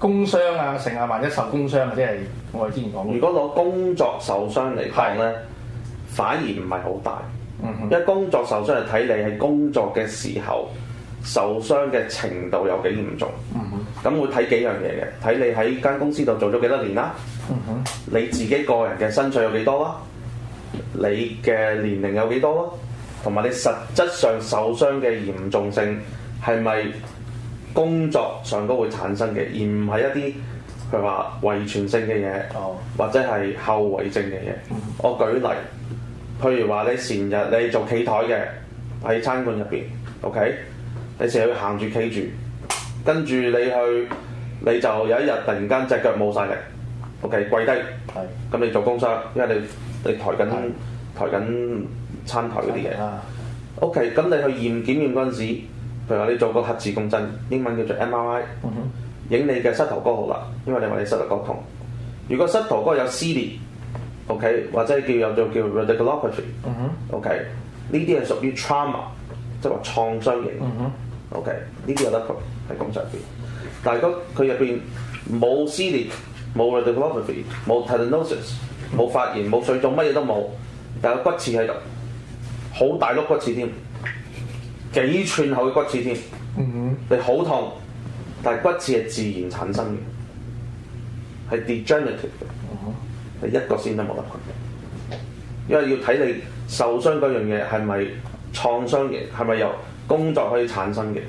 工傷啊，成日或者受工傷啊，即係我哋之前講。如果攞工作受傷嚟講咧，的反而唔係好大。嗯，嗯，因為工作受傷係睇你係工作嘅時候受傷嘅程度有幾嚴重。嗯。咁會睇幾樣嘢嘅，睇你喺間公司度做咗幾多年啦，mm hmm. 你自己個人嘅薪水有幾多咯，你嘅年齡有幾多咯，同埋你實質上受傷嘅嚴重性係咪工作上都會產生嘅，而唔係一啲佢話遺傳性嘅嘢，oh. 或者係後遺症嘅嘢。我舉例，譬如話你前日你做企台嘅喺餐館入邊，OK，你成日去行住企住。跟住你去，你就有一日突然間隻腳冇晒力，OK，跪低，咁是、嗯嗯、你做工傷，因為你你抬緊是抬緊餐台嗰啲嘢。OK，咁、嗯嗯嗯嗯嗯、你去驗檢驗嗰陣時，譬如話你做個核磁共振，英文叫做 MRI，影、mm hmm. 你嘅膝頭哥好啦，因為你話你膝頭哥痛。如果膝頭哥有撕裂，OK，或者叫有叫叫叫做叫 radiography，OK，呢啲係屬於 trauma，即係話創傷型、mm。Mm、kay, OK 呢啲有得喺咁上邊，但係佢佢入邊冇撕裂，冇對骨關節，冇 t e n o s i s 冇發炎，冇水腫，乜嘢都冇，但有骨刺喺度，好大粒骨刺添，幾寸厚嘅骨刺添，你好痛，但係骨刺係自然產生嘅，係 degenerative，你、uh huh. 一個先天冇得揾，因為要睇你受傷嗰樣嘢係咪創傷嘅，係咪由工作可以產生嘅。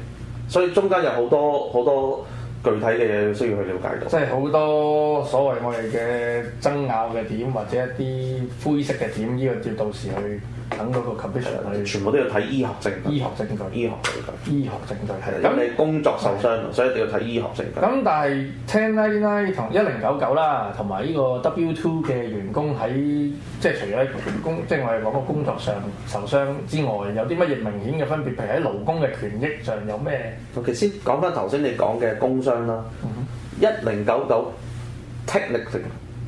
所以中間有好多好多具體嘅嘢需要去了解到，即係好多所謂我哋嘅爭拗嘅點，或者一啲灰色嘅點，呢個要到時去。等嗰個 commission 嚟，全部都要睇醫學證，醫學證據、醫學證據、醫學證據。咁你的工作受傷，那所以一定要睇醫學證據。咁但係 Ten Nine Nine 同一零九九啦，同埋呢個 W Two 嘅員工喺即係除咗工，即係我哋講嘅工作上受傷之外，有啲乜嘢明顯嘅分別？譬如喺勞工嘅權益上有咩？尤其先講翻頭先你講嘅工傷啦，一零九九 technically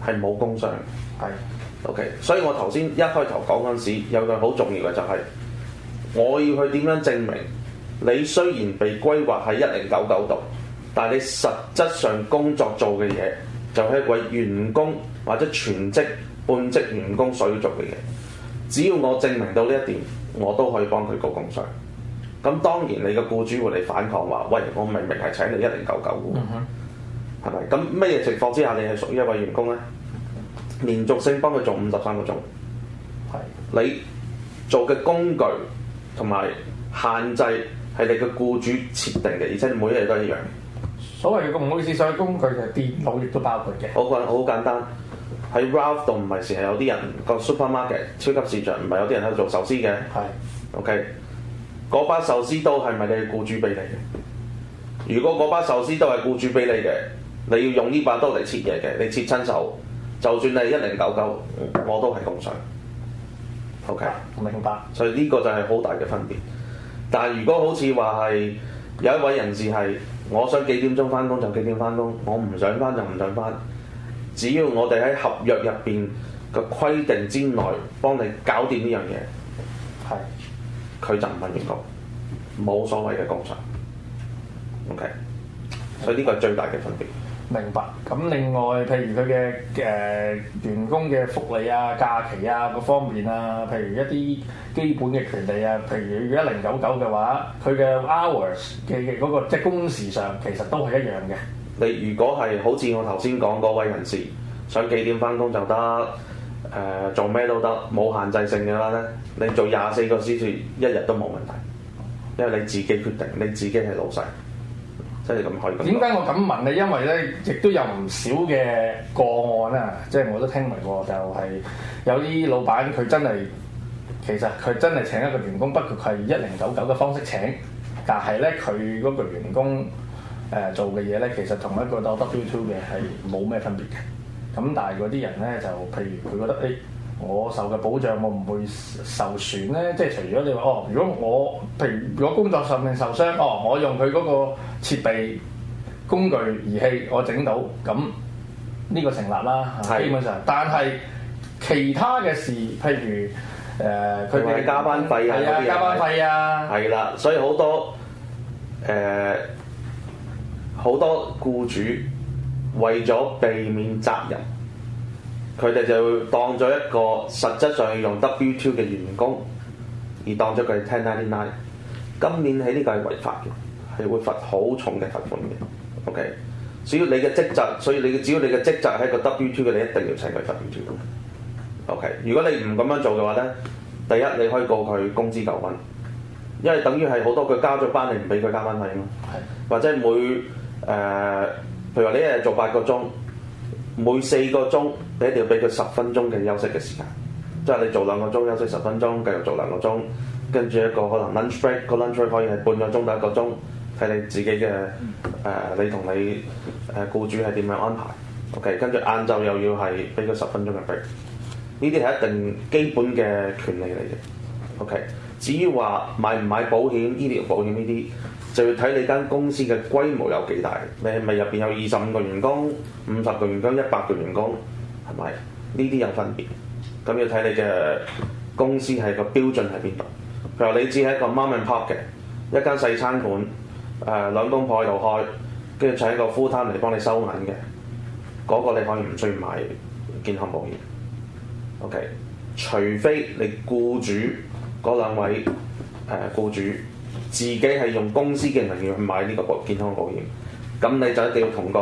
係冇工傷。係、嗯哼。OK，所以我頭先一開頭講嗰陣時，有個好重要嘅就係，我要去點樣證明你雖然被規劃係一零九九度，但係你實質上工作做嘅嘢就係一位員工或者全職、半職員工所要做嘅嘢。只要我證明到呢一點，我都可以幫佢告工傷。咁當然你嘅僱主會嚟反抗話：喂，我明明係請你一零九九嘅，係咪？咁咩嘢情況之下你係屬於一位員工呢？連續性幫佢做五十三個鐘，係的你做嘅工具同埋限制係你嘅僱主設定嘅，而且每一樣都係一樣嘅。所謂如果唔好意思上嘅工具就係電腦亦都包括嘅。我講好，好簡單，喺 Ralph 度唔係成日有啲人個 supermarket 超級市場唔係有啲人喺度做壽司嘅。係的 OK，嗰把壽司刀係咪你僱主俾你嘅？如果嗰把壽司刀係僱主俾你嘅，你要用呢把刀嚟切嘢嘅，你切親手。就算係一零九九，我都係共信。O、okay? K，明白。所以呢個就係好大嘅分別。但係如果好似話係有一位人士係，我想幾點鐘返工就幾點返工，我唔想返就唔想返。只要我哋喺合約入邊嘅規定之內幫你搞掂呢樣嘢，係佢是就唔問員工冇所謂嘅共信。O、okay? K，所以呢個係最大嘅分別。明白。咁另外，譬如佢嘅誒員工嘅福利啊、假期啊各方面啊，譬如一啲基本嘅權利啊，譬如一零九九嘅話，佢嘅 hours 嘅嗰個即係工時上其實都係一樣嘅。你如果係好似我頭先講嗰位人士，想幾點翻工就得，誒、呃，做咩都得，冇限制性嘅話咧，你做廿四個小時一日都冇問題，因為你自己決定，你自己係老細。即點解我敢問咧？因為咧，亦都有唔少嘅個案啊！即係我都聽聞過，就係、是、有啲老闆佢真係其實佢真係請一個員工，不過佢係一零九九嘅方式請，但係咧佢嗰個員工誒、呃、做嘅嘢咧，其實同一個到 W Two 嘅係冇咩分別嘅。咁但係嗰啲人咧，就譬如佢覺得誒。欸我受嘅保障，我唔會受損咧。即係除咗你話哦，如果我譬如如果工作上面受傷哦，我用佢嗰個設備、工具、儀器我，我整到咁呢個成立啦，是基本上。但係其他嘅事，譬如誒佢哋嘅加班費啊，加班費啊，係啦，所以好多誒好、呃、多雇主為咗避免責任。佢哋就當咗一個實質上要用 W2 嘅員工，而當咗佢係1099今年喺呢個係違法嘅，係會罰好重嘅罰款嘅。OK，只要你嘅職責，所以你嘅只要你嘅職責係一個 W2 嘅，你一定要請佢罰款。OK，如果你唔咁樣做嘅話咧，第一你可以告佢工資糾紛，因為等於係好多佢加咗班，你唔俾佢加班費嘛，係，或者每誒、呃，譬如話你一日做八個鐘，每四個鐘，你一定要俾佢十分鐘嘅休息嘅時間，即係你做兩個鐘休息十分鐘，繼續做兩個鐘，跟住一個可能 lunch break 個 lunch break 可以係半個鐘到一個鐘，睇你自己嘅誒、呃，你同你誒僱主係點樣安排？OK，跟住晏晝又要係俾佢十分鐘嘅 break。呢啲係一定基本嘅權利嚟嘅，OK。至於話買唔買保險、醫療保險呢啲，就要睇你間公司嘅規模有幾大。你係咪入邊有二十五個員工、五十個員工、一百個員工？係咪？呢啲有分別。咁要睇你嘅公司係個標準喺邊度。譬如你只係一個 mom and pop 嘅一間細餐館，誒、呃、兩公婆喺度開，跟住請一個 full time 嚟幫你收銀嘅，嗰、那個你可以唔需要買健康保險。OK，除非你僱主。嗰兩位誒僱主自己係用公司嘅名義去買呢個保健康保險，咁你就一定要同個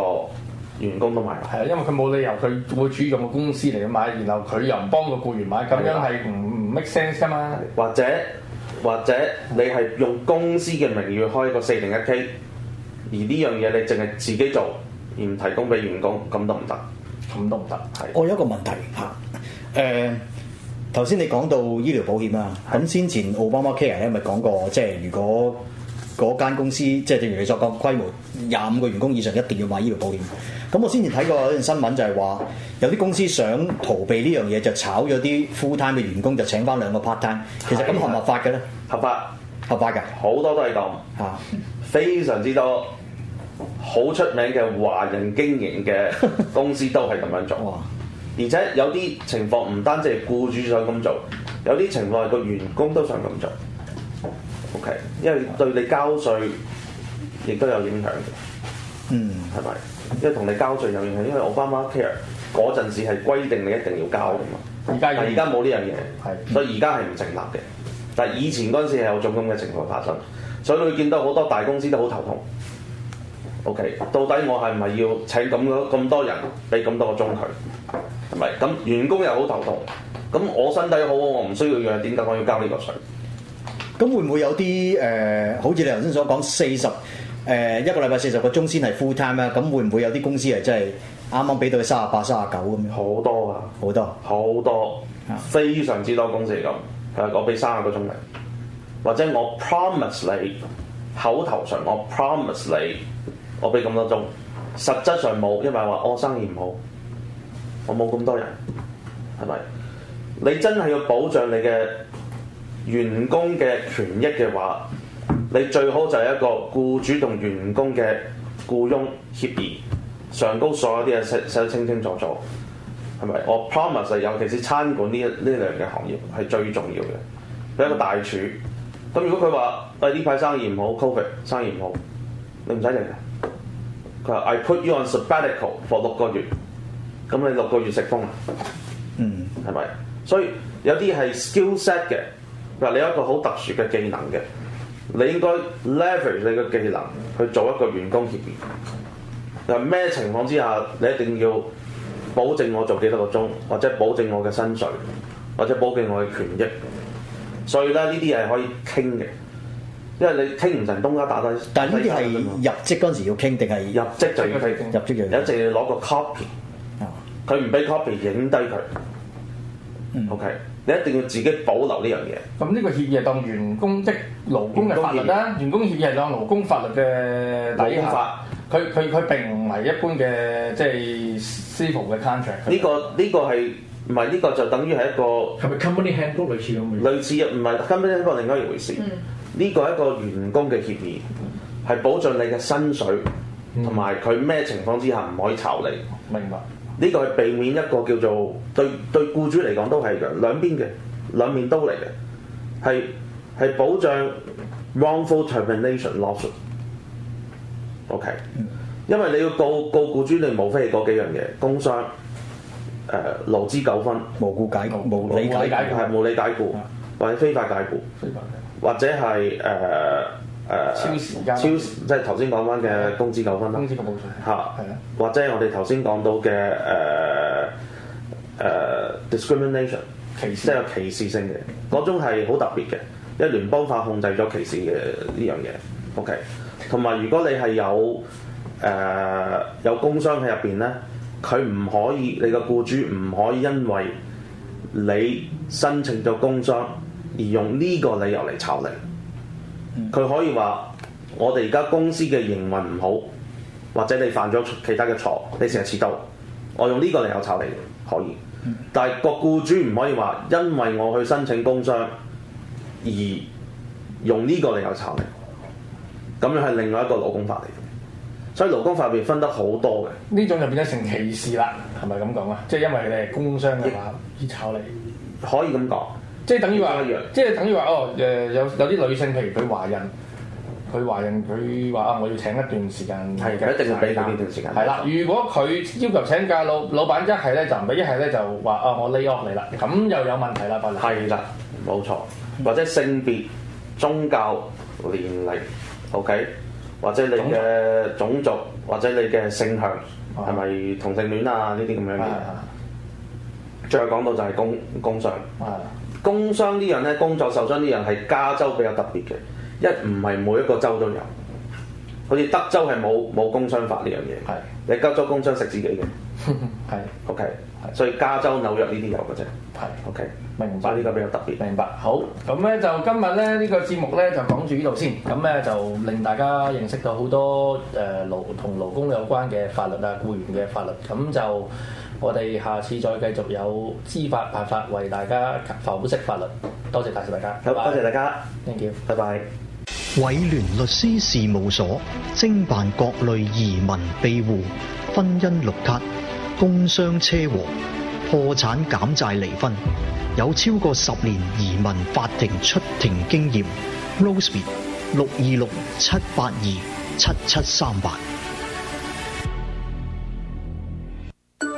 員工都買。係啊，因為佢冇理由佢會處用個公司嚟買，然後佢又唔幫個僱員買，咁樣係唔的 make sense 㗎嘛，或，或者或者你係用公司嘅名義去開一個四零一 K，而呢樣嘢你淨係自己做而唔提供俾員工，咁都唔得，咁都唔得。係。我有一個問題嚇，誒的。Uh, 頭先你講到醫療保險啊，咁的先前奧巴馬 Care 係咪講過，即係如果嗰間公司，即係正如你所講，規模廿五個員工以上一定要買醫療保險？咁我先前睇過一段新聞，就係話有啲公司想逃避呢樣嘢，就炒咗啲 full time 嘅員工，就請返兩個 part time。其實咁合唔合法嘅咧？合法，合法嘅，好多都係咁嚇，非常之多，好出名嘅華人經營嘅公司都係咁樣做。 而且有啲情況唔單止係僱主想咁做，有啲情況係個員工都想咁做。OK，因為對你交稅亦都有影響嘅，嗯，係咪？因為同你交稅有影響，因為奧巴馬 care 嗰陣時係規定你一定要交嘅嘛。而家而家冇呢樣嘢，係，所以而家係唔成立嘅。但係以前嗰陣時係有種咁嘅情況發生，所以你見到好多大公司都好頭痛。OK，到底我係唔係要請咁多咁多人，俾咁多個鐘佢？唔係咁，員工又好頭痛。咁我身體好，我唔需要藥，點解我要交呢個稅？咁會唔會有啲誒、呃，好似你頭先所講，四十誒一個禮拜四十個鐘先係 full time 咧？咁會唔會有啲公司係真係啱啱俾到佢三啊八、三啊九咁樣？好多啊，好多，啊好多，好多，非常之多公司係咁。係我俾三啊個鐘嚟，或者我 promise 你口頭上，我 promise 你我俾咁多鐘，實質上冇，因為話我生意唔好。我冇咁多人，係咪？你真係要保障你嘅員工嘅權益嘅話，你最好就係一個僱主同員工嘅僱傭協議，上高所有啲嘢寫寫得清清楚楚，係咪？我 promise 尤其是餐館呢一呢類嘅行業係最重要嘅，俾一個大廚。咁如果佢話：啊呢排生意唔好，COVID 生意唔好，你唔使嚟嘅。佢話：I put you on sabbatical for 六個月。咁你六個月食風啦，嗯，係咪？所以有啲係 skillset 嘅，嗱你有一個好特殊嘅技能嘅，你應該 leverage 你嘅技能去做一個員工協議。就咩情況之下，你一定要保證我做幾多個鐘，或者保證我嘅薪水，或者保證我嘅權益。所以咧，呢啲係可以傾嘅，因為你傾唔成，東家打低。但係呢啲係入職嗰陣時要傾定係入職就要入職就要，入職要一定要攞個 copy。佢唔俾 copy，影低佢。嗯，OK，你一定要自己保留呢樣嘢。咁呢、嗯、個協議當員工即、就是、勞工嘅法律啦、啊，員工協議係當勞工法律嘅底下。佢佢佢並唔係一般嘅即係僱員嘅 contract。呢、就是這個呢、這個係唔係呢個就等於係一個係咪 company handbook 類似咁嘅？類似啊，唔係 company handbook 另外一回事。呢、嗯、個一個員工嘅協議係保障你嘅薪水同埋佢咩情況之下唔可以炒你。明白。呢個係避免一個叫做對對僱主嚟講都係兩邊嘅兩面都嚟嘅，係係保障 wrongful termination lawsuit。OK，因為你要告告僱主，你無非係嗰幾樣嘢：工傷、誒、呃、勞資糾紛、無故解雇、無理解僱，係無理解僱或者非法解僱，非法解或者係誒。呃誒、uh, 超時間，超即係頭先講翻嘅工資糾紛啦。工資糾紛或者係我哋頭先講到嘅誒誒 discrimination 歧視，即係有歧視性嘅嗰種係好特別嘅，一聯邦法控制咗歧視嘅呢樣嘢。OK，同埋如果你係有誒、uh, 有工傷喺入邊咧，佢唔可以，你個僱主唔可以因為你申請咗工傷而用呢個理由嚟炒你。佢可以話：我哋而家公司嘅營運唔好，或者你犯咗其他嘅錯，你成日遲到，我用呢個理由炒你，可以。但係個僱主唔可以話，因為我去申請工傷而用呢個理由炒你，咁樣係另外一個勞工法嚟。所以勞工法入面分得好多嘅。呢種就變咗成歧視啦，係咪咁講啊？即係因為你係工傷嘅話，欸、要炒你，可以咁講。即係等於話，即係等於話，哦，誒有有啲女性，譬如佢懷孕，佢懷孕，佢話啊，我要請一段時間，係嘅，一定要俾佢呢段時間。係啦、嗯嗯，如果佢要求請假，老老闆一係咧就唔俾，一係咧就話啊，我 lay off 你啦，咁又有問題啦，份人。係啦，冇錯，或者性別、宗教、年齡，OK，或者你嘅種，族種族，或者你嘅性向，係咪、啊、同性戀啊？呢啲咁樣嘅。最後講到就係公公事。係、啊。啊啊啊啊工傷啲人咧，工作受傷啲人係加州比較特別嘅，一唔係每一個州都有，好似德州係冇冇工傷法呢樣嘢，係你是加州工傷食自己嘅，係，OK，所以加州、紐約呢啲有嘅啫，係是，OK，明白呢個比較特別，明白，好，咁咧就今日咧呢、這個節目咧就講住呢度先，咁咧就令大家認識到好多誒勞同勞工有關嘅法律啊，僱員嘅法律，咁就。我哋下次再繼續有知法犯法，為大家剖析法律。多謝大家，多謝大家，bye bye 多謝 thank you，拜拜 bye。偉聯律師事務所精辦各類移民庇護、婚姻綠卡、工傷車禍、破產減債離婚，有超過十年移民法庭出庭經驗。Rosemead 六二六七八二七七三八。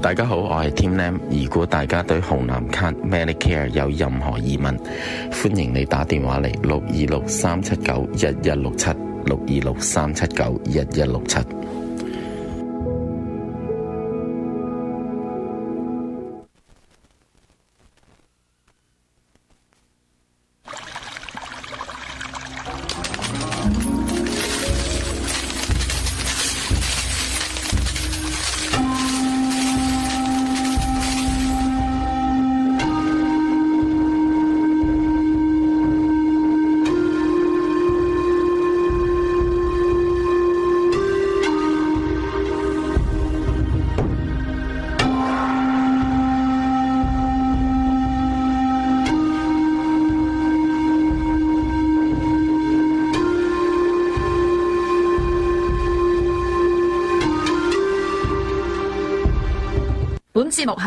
大家好，我係 Tim Lam。如果大家對紅藍卡 Medicare 有任何疑問，歡迎你打電話嚟六二六三七九一一六七，六二六三七九一一六七。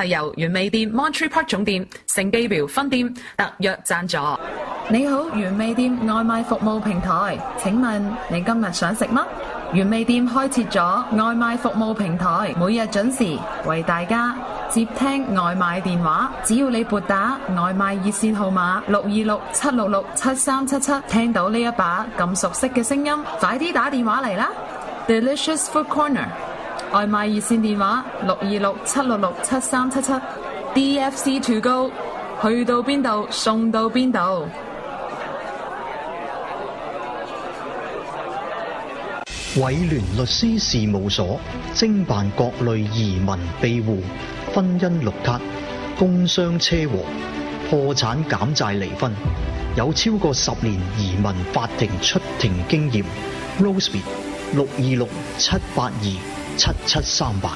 係由原味店 Monterey Park 總店、聖蓋博分店特約贊助。你好，原味店外賣服務平台，請問你今日想食乜？原味店開設咗外賣服務平台，每日準時為大家接聽外賣電話。只要你撥打外賣熱線號碼六二六七六六七三七七，聽到呢一把咁熟悉嘅聲音，快啲打電話嚟啦！Delicious Food Corner。外賣熱線電話六二六七六六七三七七 D F C To Go 去到邊度送到邊度？偉聯律師事務所精辦各類移民庇護、婚姻綠卡、工傷車禍、破產減債離婚，有超過十年移民法庭出庭經驗。Rosebud 六二六七八二。七七三八。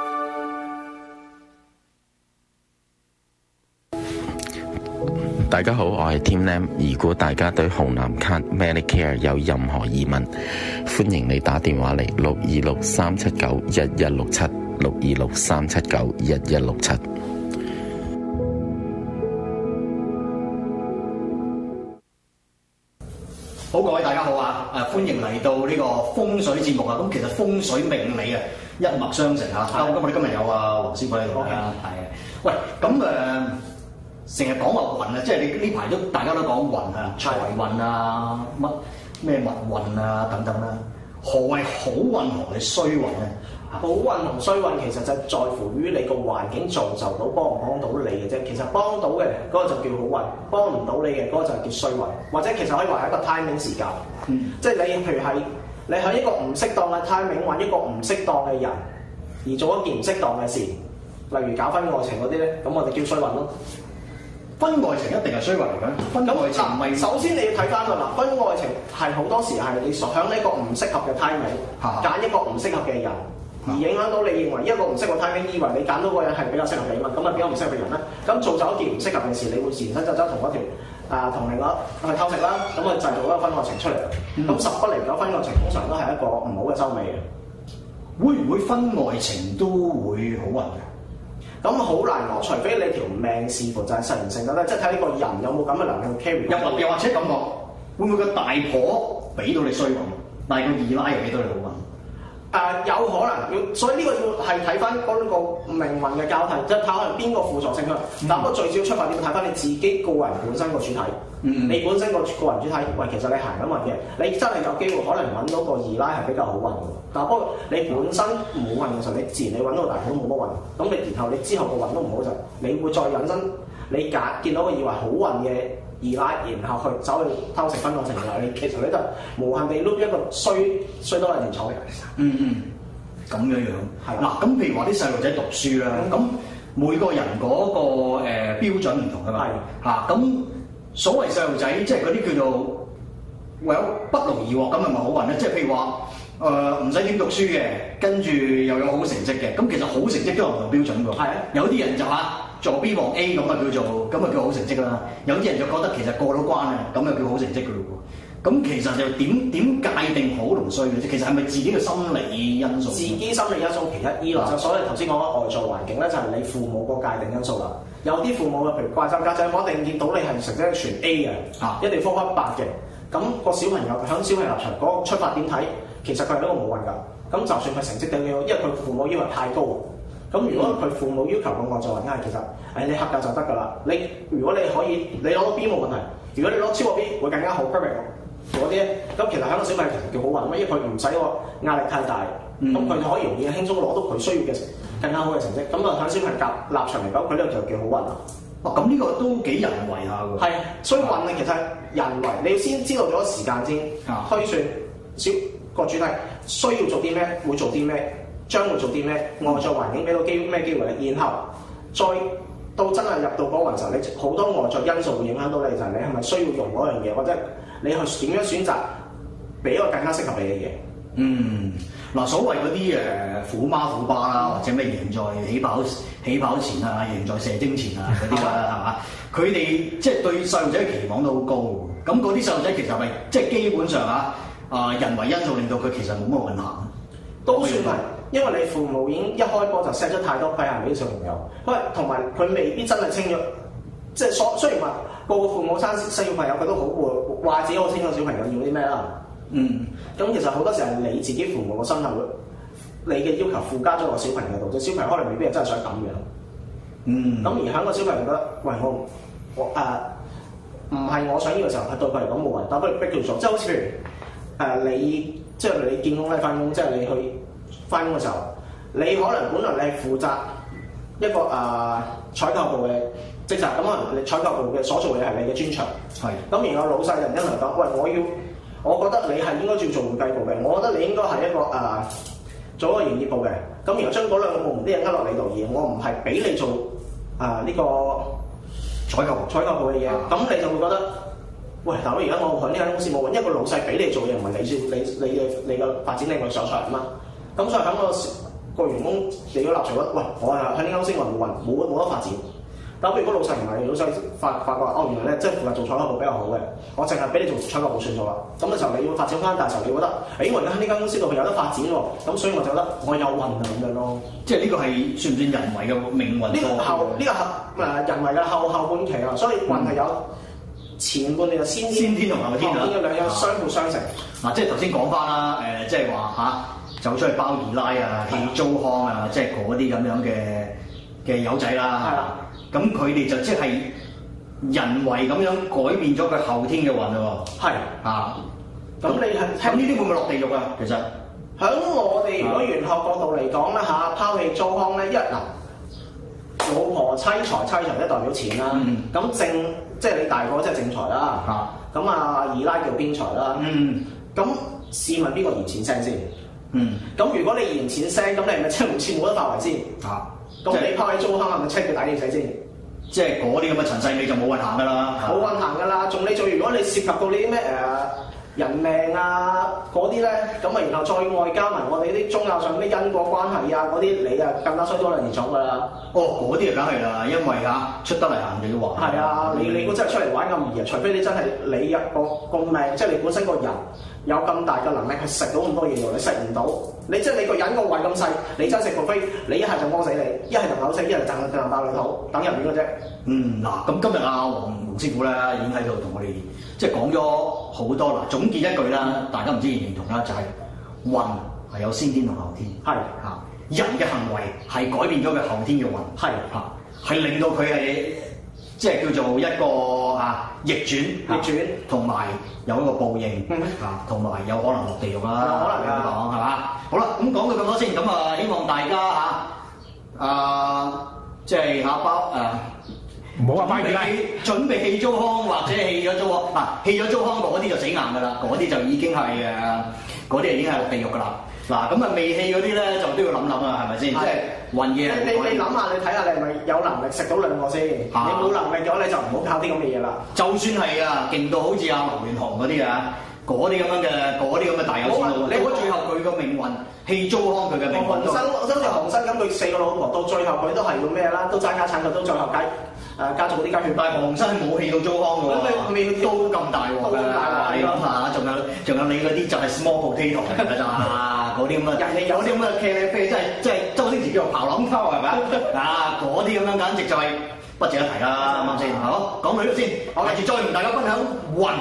大家好，我係 Tim Lam。如果大家對紅藍卡 Medicare 有任何疑問，歡迎你打電話嚟六二六三七九一一六七六二六三七九一一六七。67，好，各位大家好啊！誒，歡迎嚟到呢個風水節目啊！咁其實風水命理啊，一脈相承啊。咁的今日有啊黃師傅喺度啦，係啊的。喂，咁誒。嗯呃成日講話運啊，即係你呢排都大家都講啊運啊，財運啊，乜咩物運啊等等啦、啊。何謂好運同你衰運咧？好運同衰運其實就在乎於你個環境造就到幫唔幫到你嘅啫。其實幫到嘅嗰、那個就叫好運，幫唔到你嘅嗰、那個就叫衰運。或者其實可以話係一個 timing 時，時間，嗯、即係你譬如係你喺一個唔適當嘅 timing 揾一個唔適當嘅人，而做一件唔適當嘅事，例如搞返愛情嗰啲咧，咁我哋叫衰運咯。婚外情一定係衰運嚟嘅？婚外情首先你要睇翻啦，嗱，婚外情係好多時係你喺呢個唔適合嘅 timing，嚇，揀一個唔適合嘅人，而影響到你認為一個唔適合 timing，以為你揀到個人係比較適合嘅，咁啊比較唔適合嘅人啦，咁做咗一件唔適合嘅事，你會現身就走同我條啊同你個咪偷食啦，咁啊製造一個婚外情出嚟，咁十不離九婚外情通常都係一個唔好嘅收尾嘅，會唔會婚外情都會好運咁好難攞，除非你條命似乎就係實驗性得咧，即係睇呢個人有冇咁嘅能力 carry。又或又或者咁講，會唔會個大婆俾到你衰運，但係個二奶又俾到你好運？誒、呃、有可能要，所以呢個要係睇翻嗰個命運嘅交替，即係睇下能邊個輔助性嘅。嗱、嗯哼，不過最主要出發點睇翻你自己個人本身個主體。嗯、哼你本身個個人主體，喂，其實你行緊運嘅，你真係有機會可能揾到個二奶係比較好運嘅。嗱，不過你本身冇運嘅時候，你自然你揾到個大盤都冇乜運。咁你然後你之後個運都唔好嘅時候，你會再引申你假見到個以為好運嘅。二奶，然後去走去偷食婚外情，然後你其實你都係無限地碌一個衰衰多嘅連坐嘅其實嗯嗯，咁、嗯、樣樣係嗱，咁吧譬如話啲細路仔讀書啦，咁、嗯、每個人嗰、那個誒、呃、標準唔同啊嘛，係嚇咁所謂細路仔即係嗰啲叫做為有不勞而獲，咁係咪好運咧？即係譬如話誒唔使點讀書嘅，跟住又有好成績嘅，咁其實好成績都係唔同標準喎，係吧有啲人就話。做 B 望 A 咁啊叫做咁啊叫好成績啦。有啲人就覺得其實過到關啊，咁啊叫好成績噶咯喎。咁其實就點點界定好同衰嘅啫。其實係咪自己嘅心理因素？自己心理因素，其一依啦。嗯、就所以頭先講外在環境咧，就係你父母個界定因素啦。有啲父母嘅譬如怪獸家長、就係、我一定見到你係成績全 A 嘅，嚇、啊、一定科科一八嘅。咁、個小朋友響小朋友立場出發點睇，其實佢係一個冇運㗎。咁就算佢成績點樣，因為佢父母以為太高，咁、嗯、如果佢父母要求，咁我就話梗係，其實誒、哎、你合格就得㗎喇。你如果你可以，你攞到 B 冇問題。如果你攞超過 B 會更加好。private 嗰啲，咁其實香港小朋友其實幾好運啊，因為佢唔使喎壓力太大，咁佢可以容易輕鬆攞到佢需要嘅更加好嘅成績。咁啊響小朋友立場嚟講，佢呢個就幾好運啊。哇！咁呢個都幾人為下嘅。係、啊，啊、所以運力其實係人為，你要先知道咗時間先，啊、推算小個主題需要做啲咩，會做啲咩。將會做啲咩？外在環境俾到機咩機會咧？然後再到真係入到嗰環時候，你好多外在因素會影響到你，就係、是、你係咪需要用嗰樣嘢，或者你係點樣選擇俾一個更加適合你嘅嘢？嗯，嗱，所謂嗰啲誒虎媽虎爸啦，嗯、或者咩贏在起跑起跑前啊，贏在射精前啊嗰啲啦，係嘛、嗯？佢哋即係對細路仔嘅期望都好高，咁嗰啲細路仔其實係咪即係基本上嚇啊、呃，人為因素令到佢其實冇乜運行，都算係。因為你父母已經一開波就 set 咗太多規限俾啲小朋友，喂，同埋佢未必真係清咗，即係所雖然話個個父母生生小朋友佢都好愛，或者我清楚小朋友要啲咩啦。嗯。咁其實好多時候你自己父母嘅心態，你嘅要求附加咗落小朋友度，即小朋友可能未必真係想咁樣。嗯。咁、嗯、而喺個小朋友覺得，喂，我我誒唔係我想要嘅時候，係對佢嚟講冇謂，但不如逼叫做。即係好似譬如誒你，即係你見工咧，翻工即係你去。翻工嘅時候，你可能本來你係負責一個誒、呃、採購部嘅職責，咁可能你採購部嘅所做嘅係你嘅專長。係是。咁然後老細就唔一樣講，喂，我要，我覺得你係應該要做會計部嘅，我覺得你應該係一個誒、呃、做一個營業部嘅。咁然後將嗰兩個部門啲嘢呃落你度，而我唔係俾你做誒呢、呃這個採購採購部嘅嘢，咁是你就會覺得，喂，大佬而家我喺呢間公司冇揾一個老細俾你做嘢，唔係你先，你你嘅你嘅發展你定位上錯嘛。」咁所以喺個個員工哋個立場，喂，我係喺呢間公司，我冇運，冇冇得發展。但如果不如個老細唔係，老細發發覺，哦，原來咧，即係負責做採購部比較好嘅，我淨係俾你做採購部好算數啦。咁嘅時候你要發展翻，大係嘅時候你覺得，誒、欸，我而家喺呢間公司度有得發展喎，咁所以我就覺得我有運啊咁樣咯。即係呢個係算唔算人為嘅命運？呢個後呢個後誒人為嘅後後半期啊，所以運係有前半定係先天同、嗯、後天啊，兩樣相輔相成。嗱、啊啊啊，即係頭先講翻啦，誒、啊，即係話嚇。啊啊啊啊啊啊走出去包二奶啊、棄糟糠啊，即係嗰啲咁樣嘅嘅友仔啦。係啦，咁佢哋就即係人為咁樣改變咗佢後天嘅運喎。係啊，咁你係呢啲會唔會落地獄啊？其實喺我哋嗰玄學角度嚟講啦，嚇，拋棄租康糟糠咧，一嗱，老婆妻財妻財咧代表錢啦。咁正即係你大個即係正財啦。咁啊，二奶叫偏財啦。咁試問邊個嫌錢聲先？嗯，咁如果你嫌錢腥，咁你係咪真係冇錢冇得發圍先？嚇、啊，咁你拋喺租客係咪真佢打點仔先？即係嗰啲咁嘅陳世美就冇運行噶啦，冇、啊、運行噶啦。仲你仲如果你涉及到你啲咩誒人命啊嗰啲咧，咁啊，然後再外加埋我哋啲宗教上啲因果關係啊嗰啲，你啊更加衰多兩走噶啦。哦，嗰啲啊梗係啦，因為嚇、啊、出得嚟行就要還。係啊，嗯、你你如真係出嚟玩咁易啊，除非你真係你入個個命，即係你本身個人。有咁大嘅能力去食到咁多嘢，你食唔到。你即係你個人個胃咁細，你真係食，除非你一係就屙死你，一係就扭死，一係就賺到成等入面嘅啫。嗯，嗱、啊，咁今日阿黃黃師傅咧已經喺度同我哋即係講咗好多啦。總結一句啦，大家唔知認唔認同啦，就係、是、運係有先天同後天。係嚇是，人嘅行為係改變咗佢後天嘅運。係嚇是，係令到佢係。即係叫做一個啊逆轉，逆轉同埋有一個報應 啊，同埋有可能落地獄啦、啊。可能咁講係嘛？ 好啦，咁講到咁多先，咁啊，希望大家嚇啊，即係阿包啊，唔好啊，買唔買？準備棄租康或者棄咗租屋， 啊！棄咗租康嗰啲就死硬噶啦，嗰啲就已經係誒，嗰啲係已經係落地獄噶啦。嗱，咁啊，未棄嗰啲咧，就都要諗諗啊，係咪先？即係運嘢你你你諗下，你睇下你係咪有能力食到兩個先？你冇能力嘅話，你就唔好靠啲咁嘅嘢啦。就算係啊，勁到好似阿劉鑾雄嗰啲啊，嗰啲咁樣嘅，嗰啲咁嘅大有錢佬啊。你估最後佢個命運，棄糟糠佢嘅命運。黃生就似黃生咁，佢四個老婆到最後佢都係要咩啦？都爭家產，佢都最後解。誒家族嗰啲家血脈，黃生冇氣到周康喎，未？未？刀都咁大鑊㗎，嚇！仲有，仲有你嗰啲就係 small potato 咋，嗰啲咁啊，有啲咁嘅茄喱啡真係真係周星馳叫做跑龍套係咪啊？嗱，嗰啲咁樣簡直就係不值一提啦，啱啱先好講佢出先，我哋再同大家分享運。